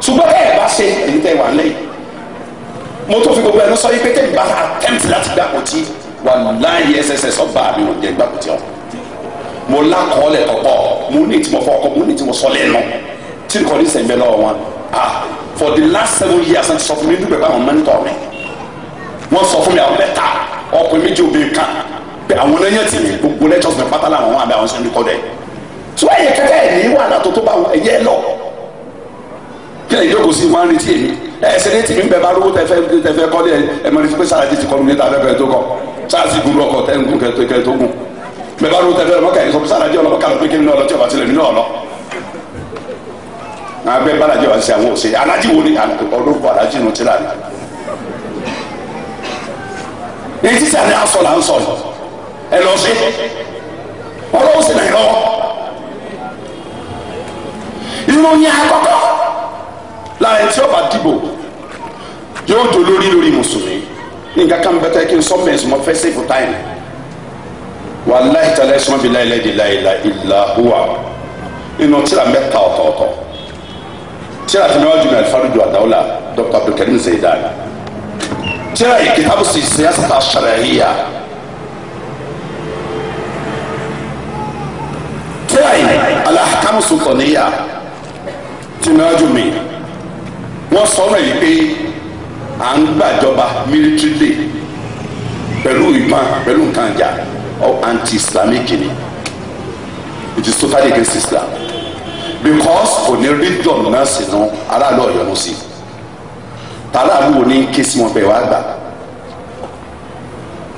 ṣùgbọ́n ẹ bá ṣe èyí tẹ́ wà lẹ́yìn mo tó fi gbogbo ẹnu sọ yí pé tẹ́ bá attempt láti gbà kò tí wà láàyè ẹsẹsẹ sọ́ba mi ò jẹ́ gbà kò tí ọ mo lákọọ́lẹ̀ tọ̀pọ̀ mo ní tí mo fọ mo ní tí sọ lẹ́nu tí nǹkan ní sẹ́ńbẹ́ lọ́wọ́ wọn ah for the last seven years ẹ ti sọ fún mi dúpẹ́ báwọn mẹ́ńtọ̀ mi wọ́n sọ fún mi àwọn mẹ́ta ọkùnrin méjì obìnrin kan pé àwọn náà yẹn ti ní gbogbo lectures mi pátá làwọn àbẹ àwọn sẹ́ni kọ́ dẹ̀ tí wọ́n yẹ kẹ́kẹ́ ẹ̀ ní wàhálà tó tó bá ẹ̀yẹ lọ kí lè jókòó sí wọn retí èmi ẹsẹ ní tìmí bẹ́ẹ̀ bá lówó tẹfẹ tẹfẹ kọ́lé ẹ ẹ mọ̀ nípa sáàsì ti kọlu níta fẹ́fẹ́ tó kọ sáàsì gun lọkọ tẹ ń gun kẹtẹ tó gun bẹ́ẹ̀ bá lówó tẹfẹ lọkọ ẹ sọ sáàsì ọlọpàá kàlọ́ pé kí ni ọlọ́tí ọba tilẹ̀ nínú ọlọ́ àwọn abẹ́ bàlájì wà sí àwọn òsè alájì wo ni ọdún kọ alájì nù tíra ni. èyí títí àná asọ là ń sọ ẹ lọ sí ọlọ́wọ́ sí náà lọ́wọ́ ìròyìn àkọ́kọ́ lára ẹni tí ó bá dìbò yóò tó lórí lórí mùsùlùmí ní nǹkan kan bẹ́tẹ̀ kí n sọ fẹ́ẹ́ sọmọ fẹ́ẹ́ sèfù táìmù wàláhìtàlẹ́sọ̀mọ́bìláìlẹ́dìláìlá ìlà hùwà inú tíra mẹ́ta ọ̀tọ̀ọ̀tọ̀ tírà tí mẹ́wàá jùlọ alifadu jù àdáwọlà dr abdulkarim zayidan tírà yìí kìtàbù sì siyasata shar'iyya tírà yìí alahakamu sultaniya tí mẹ́wàá jù mí wọ́n sọ ọ́nà yìí pé à ń gbàjọba militarily pẹ̀lú ìbọn pẹ̀lú nǹkan ìjà anti-islamic ni it is totally against islam because kò ní region náà sínú aráàlú ọ̀yọ́nu sí tààlàlú wo ní ké sí wọn bẹ́ẹ̀ wá gbà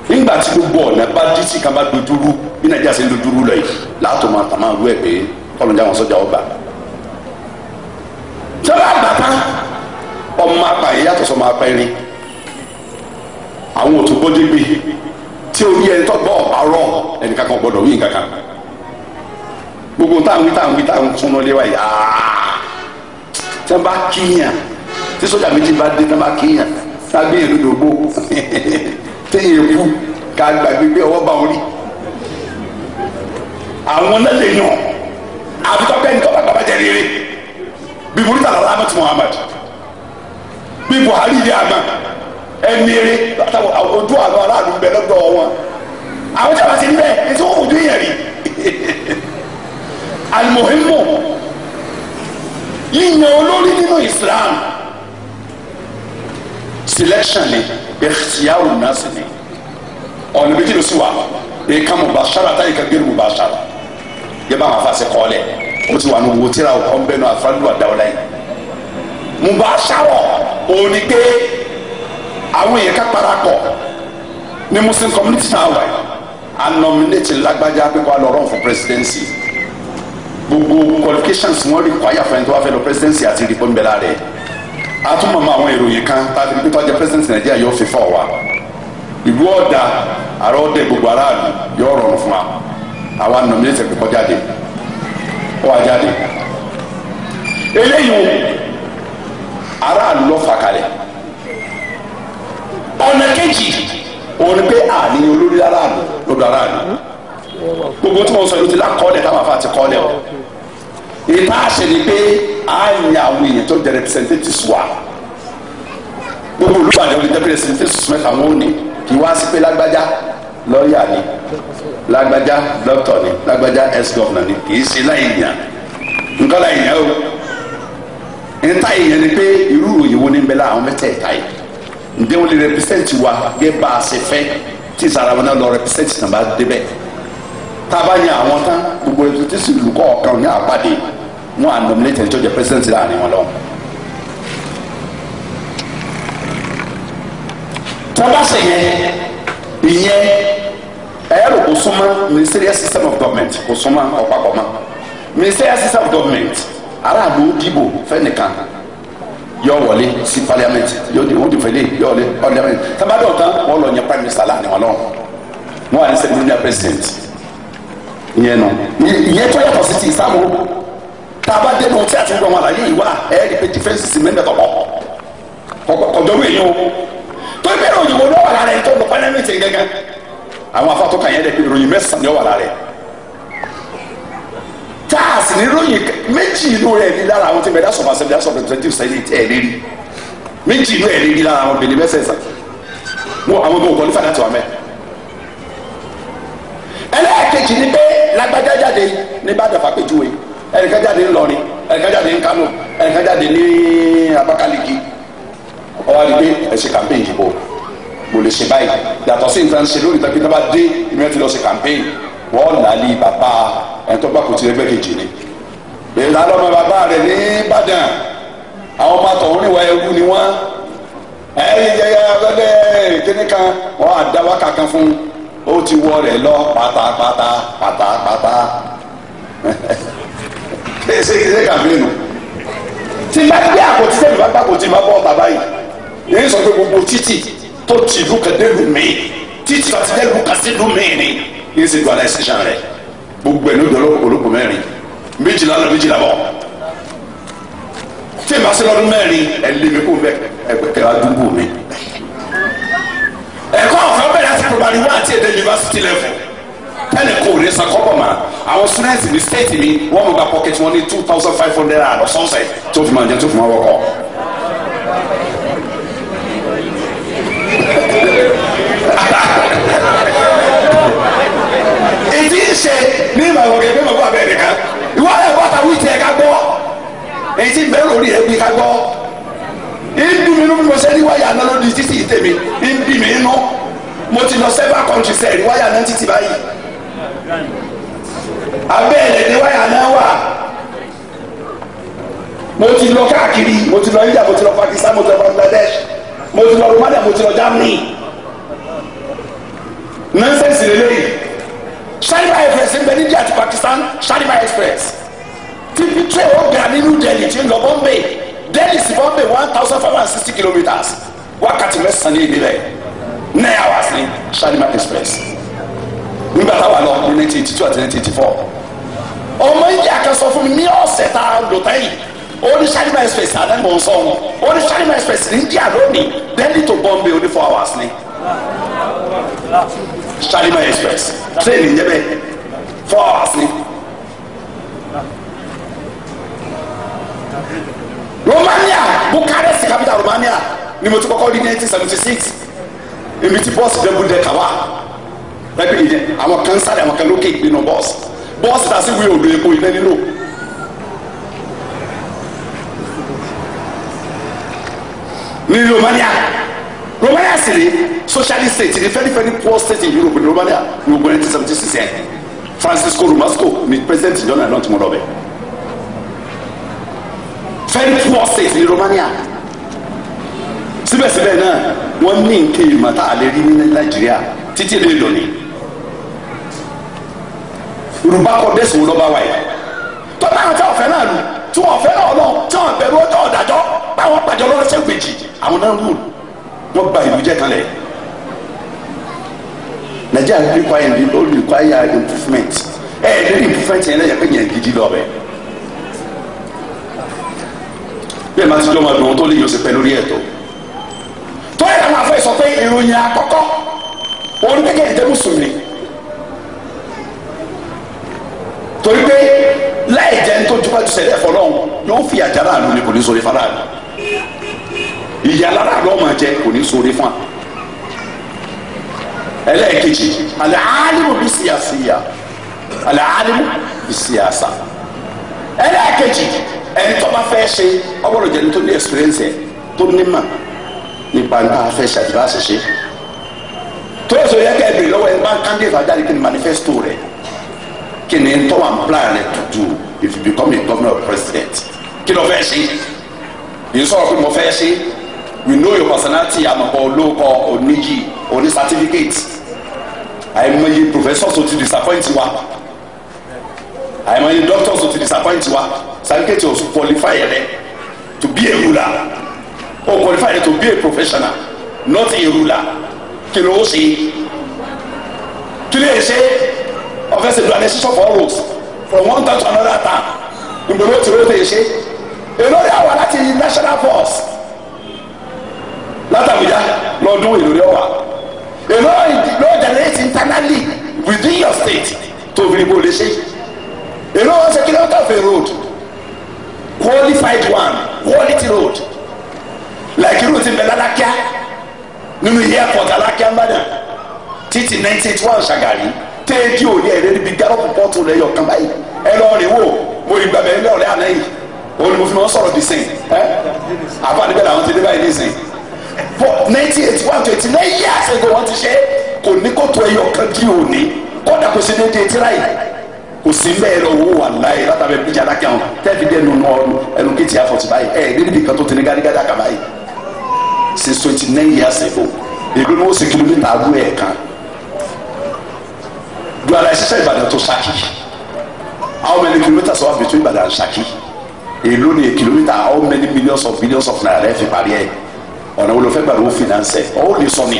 nígbà tí gbogbo ọ̀nà bá dí sí ká bá dojúrú bí nàìjíríà ṣe ń dojúrú lọ yìí láàtò máa tàmá rú ẹ̀ pé kọ́lọ́njà wọn sọ́jà ọgbà tẹ́lá àgbàtà ọmọ apààyàn yàtọ̀ sọmọ apẹ́rin àwọn òtún bójú gbé tí orí ẹni tó gbọ́ ọ̀pá rọ̀ ẹnìkan kan gbọ́dọ̀ wí nǹkan kan gbogbo táwọn táwọn táwọn súnmọ́ lé wa yìí aa ah. tí wọ́n bá kíyàn tí sọ́jà méjì bá dé tí wọ́n bá kíyàn tí wọ́n gbé yẹn lódògbò (laughs) téèyàn kú ká gbàgbé pé ọwọ́ bá wọn rí àwọn náà lè yàn àfi tọ́ bẹ́ẹ̀ ni tọ́ba bàbá jẹ́ rere bí burúkú àlọ́ ahmed muhammad bí buhari yé àmà ẹni eré ojú àwọn aráàlú bẹ lọ́dọ̀ wọn àwọn tí ti ń bẹ́ẹ̀ ní tí wọ́n kò yẹn rí. (laughs) alimohimu yíyan olórí nínú islam selection ni ìkìyàwó náà sì ni ọ̀nà méjì ló sì wà èyí kan mubashara táyì kan gbé mubashara yẹ bá wọn afa ṣe kọ́lẹ̀ o ti wà ní owó tíra ọkọ nbẹ náà afáàlú àdáwọlá yìí mubashara òun ni pé àwọn èèyàn ká parapọ̀ ní muslim community náà wà á nominate lágbájá pípa lọ́rọ̀ fún presidency gbogbo qualifications wọn require fún ẹni tó wá fẹ́ lọ presidency àti ìdìbò ńbẹ̀lá rẹ̀ a tún mọ̀ mọ́ àwọn ìròyìn kan tá a ti pété ọjà president nàìjíríà yóò fi fọ́ wa ìlú ọ̀dà àrò ọ̀dẹ gbogbo aráàlú yóò rọrùn fún wa àwa nominate ẹ̀kọ́ kọjá de ó wá jáde eléyìí aráàlú ló fà kalẹ̀ ọ̀nà kejì òun pé àní olórí aráàlú ló do aráàlú gbogbo tí wọn sọ ìlú ti lákọ́ọ̀lẹ̀ táwọn afa ti kọ́ọ̀lẹ̀ o ìbá ṣe ni pé a yàn àwọn èèyàn tó jẹ representatives wa gbogbo olùbàdàn olùjẹ representatives mẹ́ta wọn ò ní kí wá sí pé lágbájá lọ́ọ̀yà ni lágbájá dókítà ni lágbájá ex-governor ni kì í ṣe láì yàn nǹkan láì yàn o nta èèyàn ni pé irú òyìnbó ní bẹ́lá àwọn mẹ́tẹ̀ẹ̀ta yìí ǹdẹ́ lè represent wa gẹ́gẹ́ ṣe fẹ́ tí ìsara náà lọ represent nàbà débẹ̀ tába ní àwọn tán gbogbo ètò tí sì lù kọ́ ọ̀kan ní àpàdé wọn à nominate ẹni tó jẹ president láàrin wọn lọ́wọ́. tọ́ba ṣe yẹn ìyẹn ẹ̀rọ kò súnmọ́ ministerial system of government kò súnmọ́ ọ̀pápọ̀ mọ́ ministerial system of government aráàlú dìbò fẹ́nìkan yóò wọlé sí parliament yóò di òdìfẹ́ lé yóò wọlé parliament tábàdàn tán wọ́n lọ yẹn prime minister láàrin wọn lọ́wọ́ wọn à ní sẹ́ni junior president ìyẹn nà ìyẹn tó yàtọ̀ sí ti ìsàmù tá a bá dé náà tí a ti ń gbọ́ wọn àlàyé ìwà ẹ̀ẹ́dì pé dìfẹ́ǹsì sì mẹ́tẹ̀ tọ̀pọ̀ ọ̀dọ́rú èyí o tó ń bẹ̀rẹ̀ òyìnbó náà wà lára ẹ̀ tó ń lọ pẹ́lẹ́mẹ̀tì gẹ́gẹ́ àwọn afọ́tò kan yẹn dẹ̀ pé ìròyìn mẹ́sàn-án ni ó wà lára ẹ̀ táàsì ní ìròyìn méjì inú rẹ̀ ní lára àwọn tí mẹ́ta sọ̀rọ̀ àṣẹ ìdásọ̀ representative senate ẹ̀ lérí méjì inú ẹ̀ lérí lára àwọn benin mẹ́sẹ̀ẹ̀sà wọn àwọn ọmọ ògbọ́n nífàdà tó wà mẹ́ ẹlẹ́ẹ̀kejì ni pé lágbájá jáde ní Ìbàdàn fàpéjúwe ẹnìkan jáde ní Ìlọrin ẹnìkan jáde ní Kánò ẹnìkan jáde ní Abakaliki ọwọ́ àdìgbé ẹ̀sìn campaign dìbò mo lè ṣe báyìí yàtọ̀ sí nǹkan ṣe lórí tàbí tábà dé ìmọ̀ ti lọ ṣe campaign wọ́n làálí bàbá ẹni tó bá kò tiẹ̀ bẹ́ẹ̀ kejì ni ìlàlọ́mọ bàbá rẹ̀ ní Ìbàdàn àwọn ọmọ àtọ̀hún níwọ̀ ẹrú ni wọ́n ẹ̀yìn jẹ́yà ọ̀gẹ́dẹ́ kíníkan wọ́n àdáwọ́ kankan fún un ó ti wọ rẹ̀ lọ pátápátá pátápátá (laughs) ṣé ṣé ṣé kàmílì nù tí n bá gbé àpótí tẹ́lẹ̀ bá gbàpótí máa bọ́ bàbá yìí èyí sọ pé gbogbo títì tó ti ìlú kan dé títì tó ti dé lùmí kan sí lùmí ni yìí ṣe gbọ́dọ̀ ẹ̀sìn ṣan rẹ̀ gbogbo ẹ̀ ní ìdọ̀lọ́ olóko mẹ́rin méjìlá lọ méjìlá bọ̀ tí màá sí lọ́dún mẹ́rin ẹ̀ lé mi kó bẹ́ẹ̀ ẹgbẹ̀kẹ́ adúgbò ẹ̀kọ́ ọ̀fẹ́ bẹ̀rẹ̀ láti primary one àti èdè university level ẹnì kò lè san kọ́kọ́ mà àwọn students mi state mi wọ́n mú gba pocket wọn ní two thousand five hundred naira lọ́sọ̀ọ̀sẹ̀ tó fi máa jẹ tó fi máa wọkọ̀. ìdí ìṣe ní ìmọ̀ ìwọ̀n kẹ̀kẹ́ mọ̀ fún abẹ́rẹ́ kan ìwọ́n ẹ̀ wọ́n ta wíìtì ẹ̀ ká gbọ́ èyí tí bẹ́ẹ̀ lórí ẹ̀ bí ká gbọ́ wáyà náà ló di títì tèmi ń bì mí nú mo ti lọ several countries ẹ̀ rí wáyà náà títì báyìí abẹ́ẹ̀lẹ̀ ni wáyà náà wà mo ti lọ káàkiri mo ti lọ India mo ti lọ Pakistan mo ti lọ Bangladesh mo ti lọ Romania mo ti lọ Germany nonsense lele Shariba Express ń bẹ ní India àti Pakistan Shariba Express tí fi tray ó ga nínú Delhi tí ń lọ Bombay delhi sí bombay one thousand five hundred and sixty kilometres wákàtí mẹ́sàn-án ní ìdílé nine hours ní Shalima express nígbà táwa lọ ní nineteen eighty two àti nineteen eighty four ọmọ india kan sọ fún mi ní ọ̀sẹ̀ tá a lò tẹ́yìn ó ní shalimar express àdánù ọ̀sán wọn ó ní Shalima express ní india lónìí delhi to bombay ó ní four hours ní Shalima express train ìjẹ́bẹ̀ four hours ní. Romania Bucharest capital Romania ni mo ti kọ́kọ́ rí nineteen seventy six èmi ti bọ́ọ̀sì dẹ́gun dẹ́ka wá ẹbí yìí àwọn kan sáré àwọn kan lókè nínú bọ́ọ̀sì bọ́ọ̀sì tà sí wí òdo epo ilé nílò. ní Romania Romania sì ni socialist state ni very very poor state in Europe ní Romania ní ogun nineteen seventy six Francisco Romasco ni president john anon ti mọ lọ very poor state ní Romania síbẹ̀síbẹ̀ náà wọ́n ní nǹkan ìmọ̀ tá a lè rí ní Nàìjíríà títí lè lò ní. yorùbá kọ dẹ́sùn wọn lọ́ba wáyà tọ́lá àti ọ̀fẹ́ náà lù tí wọ́n fẹ́ náà lọ tí wọ́n bẹ̀rù ọjọ́ ọ̀dàjọ́ báwọn pàjọ́ lọ́rọ́ sẹ́gbẹ̀jì àwọn náà rúùlù wọ́n gba ìlú jẹ́ kalẹ̀. Nàìjíríà require improvement ẹ̀ẹ́dẹ́rì improvement yẹn lẹ́yìn pé yẹn gidi lọ́bẹ̀ẹ́ bẹ́ẹ̀ máa ti jọ́ máa dùn ohun tó lè yọ sí pẹ́ lórí ẹ̀tọ́ tó yẹ káwọn afẹ́ sọ pé ìròyìn àkọ́kọ́ òun gẹ́gẹ́ ìjẹ́ mùsùlùmí torí pé láì jẹ́ nítorí bá ti ṣẹlẹ̀ fọlọ́hún yóò fi àjàrà àlù ni kò ní sori fara àlù ìyá lára àlọ́ máa jẹ kò ní sori fún àlù ẹlẹ́ẹ̀kejì alaalimu bi siyasiya alaalimu bi siyasa ẹlẹ́ẹ̀kejì ẹni tó bá fẹ́ ṣe ọ gbọ́dọ̀ jẹ́ni tó ní experience ẹ̀ tó ní mà nípa nípa afẹ́ ṣàtìbá ṣiṣẹ́ tó yẹ sọ yẹ kẹ́ ẹ bèrè lọ́wọ́ ẹ bá candidate ajáde kí ni manifesto rẹ̀ kí ni tó wà plan rẹ̀ to do if you become a governor or president kí ló fẹ́ ṣe yìí sọ̀rọ̀ pé mo fẹ́ ṣe we know your personality àmọ̀pọ̀ olóòkọ oníyì oní certificate àìmọye professor tó ti disappoint wa àìmọye doctors ò ti disappoint wa certificate ò qualify rẹ to be a ruler ò qualify rẹ to be a professional not a ruler kí ló ṣe kí ló ṣe ọfẹ ṣe plan ṣiṣọ for roads from one town to another town ìgbèrò tí ó ṣe èlò rẹ àwọn láti national force látàbíyá lọ́dún èlò rẹ wà èlò ìdílé generate internally within your state tó fi ní kó lè ṣe èló wọn ṣe kìlómítà of a road qualified one quality road like irú ti ń bẹ lálákíá nínú ilé airport alákíá mbàdàn títí nineteen eighty one ṣàgàrí téèdì òní ẹ̀rẹ́ níbi gárọ́pù pọ́ọ̀tù rẹ̀ yọ̀ kàn báyìí ẹ lọ rìn wò mo rí gbàgbẹ́ ilé ọ̀rẹ́ àná yìí òun ni mo fi máa ń sọ̀rọ̀ di sìn ẹ́ àbádìbẹ́ làwọn ti dé báyìí ní sìn but nineteen eighty one twenty nine years ago wọ́n ti ṣe kò ní kótó ẹyọ kan di òní kódà kò ṣe déédéé tíráyìí kò sí ń bẹ́ẹ̀ lọ wo wà láyé látàbí bíjà lákẹ́ àwọn tẹ́ẹ̀fì dẹ́nu nù ọdún ẹnu kéètì àfọ̀tì báyìí ẹ̀ ẹ̀ níbi kan tó ti ní gádígádá kà báyìí since twenty nine years ago èló ni ó sì kìlómítà àbú ẹ̀ kan duala ẹ̀sísẹ́ Ìbàdàn tó Ṣakí how many kilometres wà between Ìbàdàn Ṣakí èló ni kìlómítà how many millions of billions of naira ẹ̀ fi parí ẹ̀ ọ̀nà wo ló fẹ́ gbàgbọ́ finance ẹ̀ ọ́ ò lè sọ ni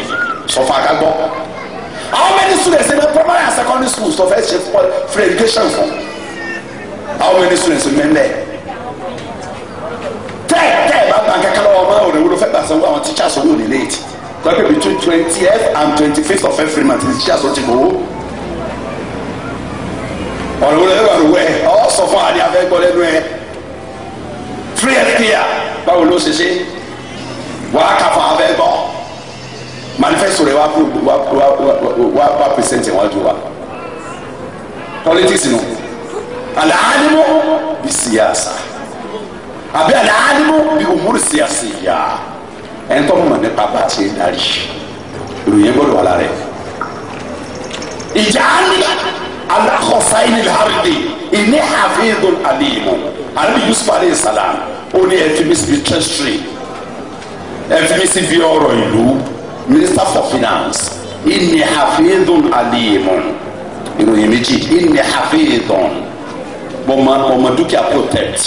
sọ fún akágbọ́ how many students in the primary and secondary schools to first ṣe for for education for how many students in mẹ́lẹ̀ tẹ́ tẹ́ bá bá kankan lọ́wọ́ ọmọ òde wúlò fẹ́ gbà sanwó àwọn teachers owó ní late gbàgbé between twentieth and twenty-fifth of every month The teachers ó ti gbowó ọ̀rọ̀ wúlò ẹ̀rọ àrùwẹ̀ ọ̀ sọ fún adé afẹ́ gbọ́ lẹ́nu ẹ̀ free health care báwo ló ṣe ṣe wàá kà fún afẹ́ gbọ́ manifesto rẹ wa wa wa wa present iwájú wa politics nu alaalimu bi siyaasa àbí alaalimu bi umuru siyaasi ya ẹni tó mọ̀ nípa bá a ṣe darí ìròyìn gbọ́dọ̀ wà lára ẹ̀ ìjàánì alakọsáyìn ìhàrìdè ìní àfihàn àlìmọ àlìmọ yusuf aleyhi salam ó ní ẹ fi mí síbi tẹsítírì ẹ fi mí síbi ìlú minister for finance inni hafidun alimun ìròyìn méjì inni hafidun mọ̀mọ́ mọ̀mọ́ dúkìá protect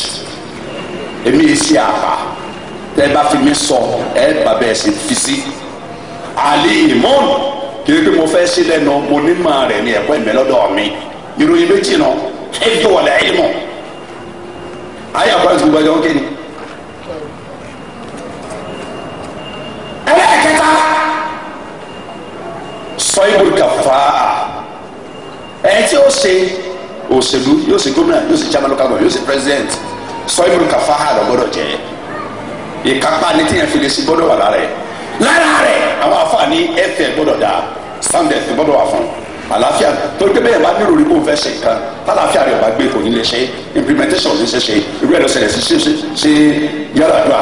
èmi yìí sí àbá tẹ́ ẹ bá fi mi sọ ẹ bá bẹ́ẹ̀ sì fi sí alimun kí ni pé mo fẹ́ sí lẹ́nu mo ní màá rẹ̀ ní ẹ̀kọ́ ìmẹ́lọ́dọ̀ mi ìròyìn méjì náà ẹ̀dùn wọlé ẹ̀yìn mọ̀ ayé àkọ́rẹ́ tó gbọ́dọ̀ kéde. ẹlẹ́ẹ̀kẹta sọ́yìnbó kàfà ẹ̀ tí ó ṣe òṣèlú yóò ṣe gómìnà yóò ṣe chairman local government yóò ṣe president sọ́yìnbó kàfà àlọ́ gbọ́dọ̀ jẹ́ ìkápá ní tíyẹn fi lè ṣe gbọ́dọ̀ wà lára ẹ̀ lára rẹ̀ àwọn àfààní ẹ̀fẹ̀ gbọ́dọ̀ dà sàǹdẹ̀ ẹ̀fẹ̀ gbọ́dọ̀ wà fún àlàáfíà torí bẹ́ẹ̀ bá nírò rí fẹ́ ṣe nǹkan tálàáfíà rẹ̀ bá gbé kò ní lè ṣe implementation ní ṣe ṣe irú ẹ̀ ló ṣẹlẹ̀ sí ṣe yàrá àdúrà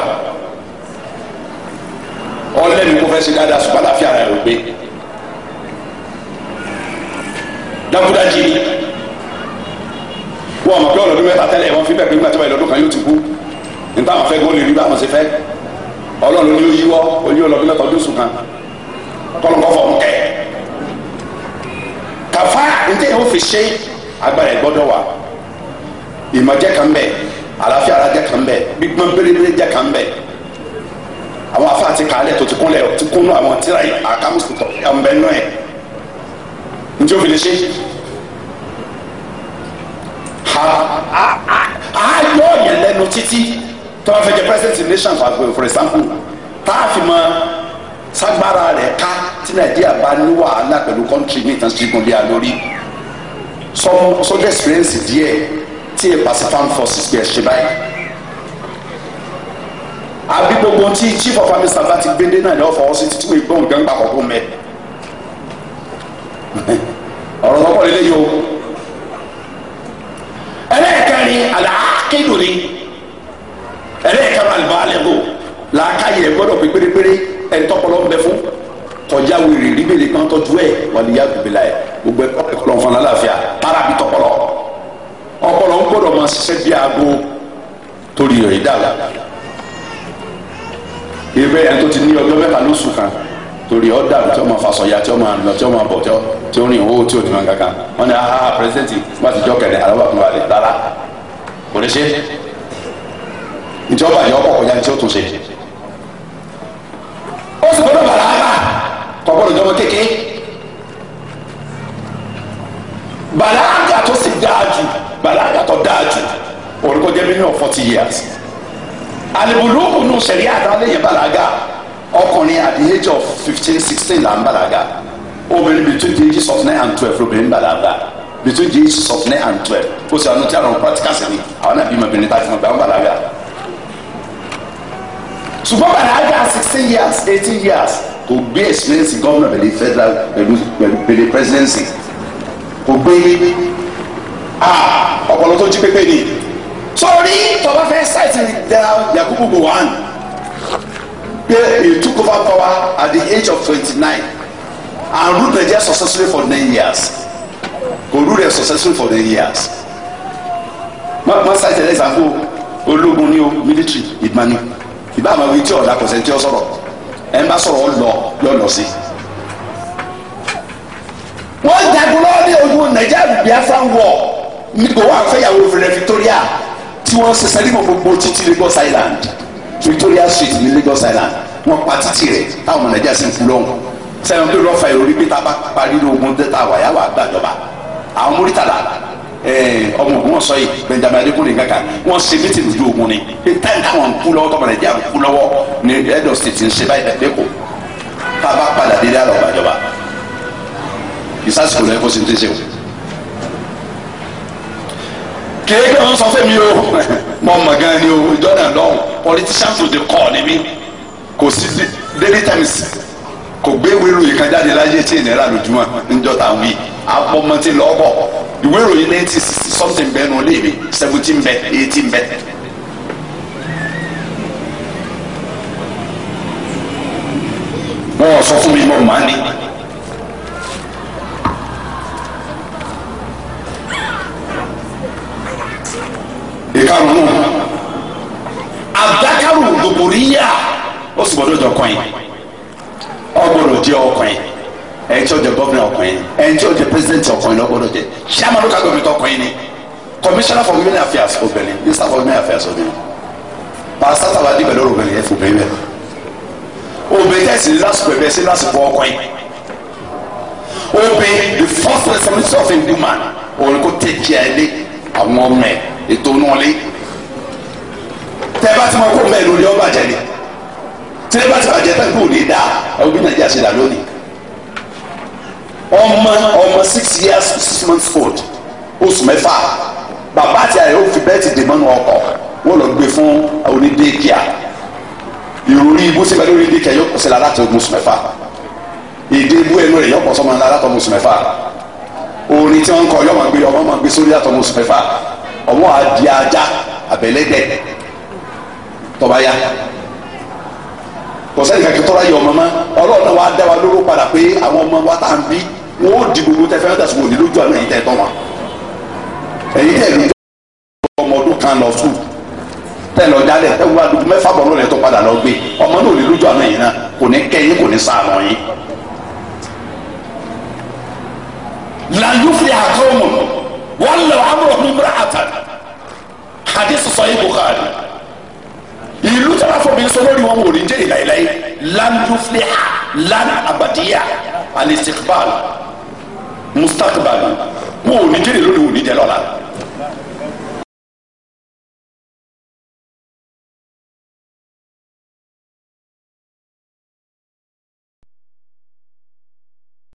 ọlẹ́mi kó fẹ́ ṣe dáadáa ṣùgbọ́n àlàáfíà rẹ̀ ò gbé dákúdájì wọn mọ̀ pé ọ̀lọ́dún mẹ́ta tẹ́lẹ̀ wọn fi bẹ́ẹ̀ pé nígbà tí wọ́n ìlọ́dún kan yóò ti kú níta àwọn fẹ́ kó lè rí bá àwọn ṣe fẹ́ ọlọ́run ni ó yíwọ́ oyún ọlọ́dún mẹ́ta ọdún sùn kan kọ́lọ́kọ́ fọ̀ mú kẹ́ kàfá ntẹ́ yẹn ó fi ṣe agbára ẹ̀ gbọ́dọ̀ wà ìmọ̀jẹ́ kan bẹ̀ àlàáfíà ara jẹ́ kan bẹ̀ gbígbọ́n bérébéré jẹ́ kan bẹ̀ àwọn afa àti kàálẹ̀ tó ti kúnlẹ̀ ti kúnnú àwọn tíra àkàmùsùn tọ̀ ẹ̀ǹbẹ̀ náà ẹ̀ njẹ́ òfin lè ṣe ha a yọ ọ̀yàn lẹ́nu títí tó bá fẹ́ jẹ́ president nation for example tá a fi mọ sagbara rẹ̀ ká tí nàìjíríà bá ní wàhálà pẹ̀lú country ní ìtàn ṣígun lé a lórí sọ sọ experience díẹ̀ tí a pacific forces gbẹ̀ ṣe báyìí àbí gbogbo tí chief of army staff láti gbédé náà ní ọ̀fọ̀ ọ̀sì títí wọ́n gbọ́n gbàgbà kọ̀ọ̀kan mẹ́ ọ̀rọ̀ tó pọ̀ lé yìí o ẹlẹ́ẹ̀kẹrin àlàákédòrí ẹlẹ́ẹ̀kẹrin àlùbáàlẹ́gbò làákàyè ẹ̀ gbọ́dọ̀ pé pérépéré ẹni tọ́pọ̀lọ́ ń bẹ fún kọjá wèrè ríbèrè kan tọ́jú ẹ̀ wàlíyá gbèbèlà ẹ̀ gbogbo ẹ̀kọ́ ẹ̀kọ́ lọ́n fún aláàfíà para bí tọ́pọ̀lọ́ ọpọlọ ń gbọ́dọ̀ máa ṣiṣẹ́ bí aago torí rẹ̀ dára ebe ẹni tó ti ní ọjọ́ mẹ́ta lóṣù kan torí ọ dàrú tí ọ máa fasọ̀yà tí ọ máa lọ tí ọ máa bọ̀ tí ó rìn owó tí ò ti máa kankan wọn ni aha ah, ah, pírẹsidẹ́ntì wọn ti jọ kẹ̀lẹ́ alábà fún wa lẹ̀ rárá kò ní ṣe ìjọba yọ ọkọ̀ kọjá tí ó tún ṣe ó sì gbọ́dọ̀ bàrà ara kò gbọ́dọ̀ jọmọ kéke bàrà àgà tó sì dáa jù bàrà àgà tó dáa jù orúkọ jẹ́ mílíọ̀nù forty years alibuluku nù sẹ̀ríà àtàlẹ́yìn balaga ọkùnrin at the age of fifteen sixteen là ń balaga obìnrin between the ages of nine and twelve lóbìnrin balaga between the ages of nine and twelve ó sì àwọn tí a lọ practical sí ni àwọn náà bí mo bìnrin tá a ti mọ̀ pé àwọn balaga ṣùgbọ́n balaga sixteen years eighteen years kò gbé experience gómìnà pẹ̀lú federal pẹ̀lú pẹ̀lú presidency kò gbé ah ọpọlọ tó jí pépé ni sórí tọba fẹ́ ṣáìtì dara yakubu gowon pé he took over power at the age of twenty-nine and ruled Nigeria successfully for nine years kò rule there successfully for nine years má ṣáìtì ẹ̀ ṣàkó ológun ní o military ìgbani ìbá àwọn ìwé tí ọ̀dà kò sẹ́ni tí ó sọ̀rọ̀ ẹ̀ ń bá sọ̀rọ̀ ọ̀ lọ yọ̀ lọ sí i wọ́n jagun lọ́wọ́ ní ojú Nigeria Biafran war nígbà wọ́n àfẹ́yàwó rẹ̀ Victoria tí wọ́n ṣe sẹ́límọ̀ gbogbo títí Lagos Island Victoria Street ní Lagos Island wọ́n pa títí rẹ̀ táwọn ọmọ Nàìjíríà sì ń kú lọ́hùn sẹ́wọ̀n tó lọ́ọ́ fa ìròrí pé tá a bá parí ogun dẹ́ta wàyà wà gbàjọba àwọn mórítàlá ọmọ ogun wọn sọ yìí Benjamin Adekunle kankan wọn ṣe mítì lójú ogun ni pé táyì táwọn ń kú lọ́wọ́ tọ́mọ Nàìjíríà ń kú lọ́wọ́ ní Edo State ń ṣe báyìí lẹ́kọ̀ọ́ a bá padà délé àlọ́ gbàjọba ìsásìkò kìí kí wọn sọ fún mi o mọ mọ gan ni o ìjọba lọhùn politician to the call ni mi kò sí daily times kò gbé ìwé ìròyìn kan jáde láyé tí ìnira lójúmọ́ níjọ́ tá a wí abọ́mọtí lọ́bọ̀ ìwé ìròyìn ninety sixty something bẹ́ẹ̀ nù léèmí seventeen bẹ́ẹ̀ eighteen bẹ́ẹ̀. wọ́n sọ fún mi mọ̀ mọ́ ni. commissioner for women affairs obìnrin minister for women affairs obìnrin pastor sábà dìbẹ̀ lórí obìnrin ẹ̀ fòbìnrin bẹ̀ obìnrin tẹ̀sí lásìkò ẹ̀bẹ̀ sí lásìkò ọkọ yìí obìnrin the first responsibility of a woman òun kò tẹ̀ kí ẹ lé àwọn ọmọ ẹ̀ ètò náà lé tẹ́ bá ti mọ kó mẹ́rin lórí ọba jẹ ni tí bá ti bàjẹ́ tẹ́gbẹ́ òní dá ẹ̀wọ̀n bí nàìjíríà ṣe dà lónìí ọmọ ọmọ six years six months old oṣù mẹ́fà bàbá àti àyè ó fi bẹ́ẹ̀tì dè mọ́nu ọkọ̀ wọ́n lọ gbé fún onídéèkìá ìròrí ibú sí pẹ̀lú onídéèkìá yóò kọ̀ sí la láti ogun sùmẹ́fà èdè ibú ẹnu rẹ̀ yóò kọ̀ sọ́mọ la láti ogun sùmẹ́fà orin tí wọ́n ń kọ yọ̀ọ́ máa gbé ọmọ máa gbé sórí àtọ̀mọ sùmẹ́fà ọmọ àdí ajá àbẹ̀lẹ́dẹ̀ tọ́ba ya kò sẹ́ni kankan tọ́ra yọ ọmọ mọ́ ọlọ́run náà wàá dá wa lóró padà pé àwọn ọmọ wa tá ń bí wọ́n ó di gbogbo tẹ́fẹ́ dàsùn òní lójú àná yìí tẹ́ tọ́ wọn ẹ̀yin tẹ̀lé tó ọmọ ọdún kan lọ sùn tẹ̀ lọ jalè ẹ̀ wá dùkú mẹ́fà bọ̀ lọ́lẹ̀ tó padà lọ gbé ọmọ náà ò lè lójú àná yìí náà kò ní kẹ́yìn kò ní sàánà yìí. làyúfẹ́ àtọ́mù wọn lọ amúrọ̀kùn múra àtà hadith sọ yìí Bukhari ìlú tẹ́lá fún mi sọ lórí wọn wò ní jẹ́ ìlàyìláyì làyúfẹ́ lan abadiya alisikbal mustakbal wọn ò ní jẹ́ ìlú ni ò ní jẹ́ lọ́la.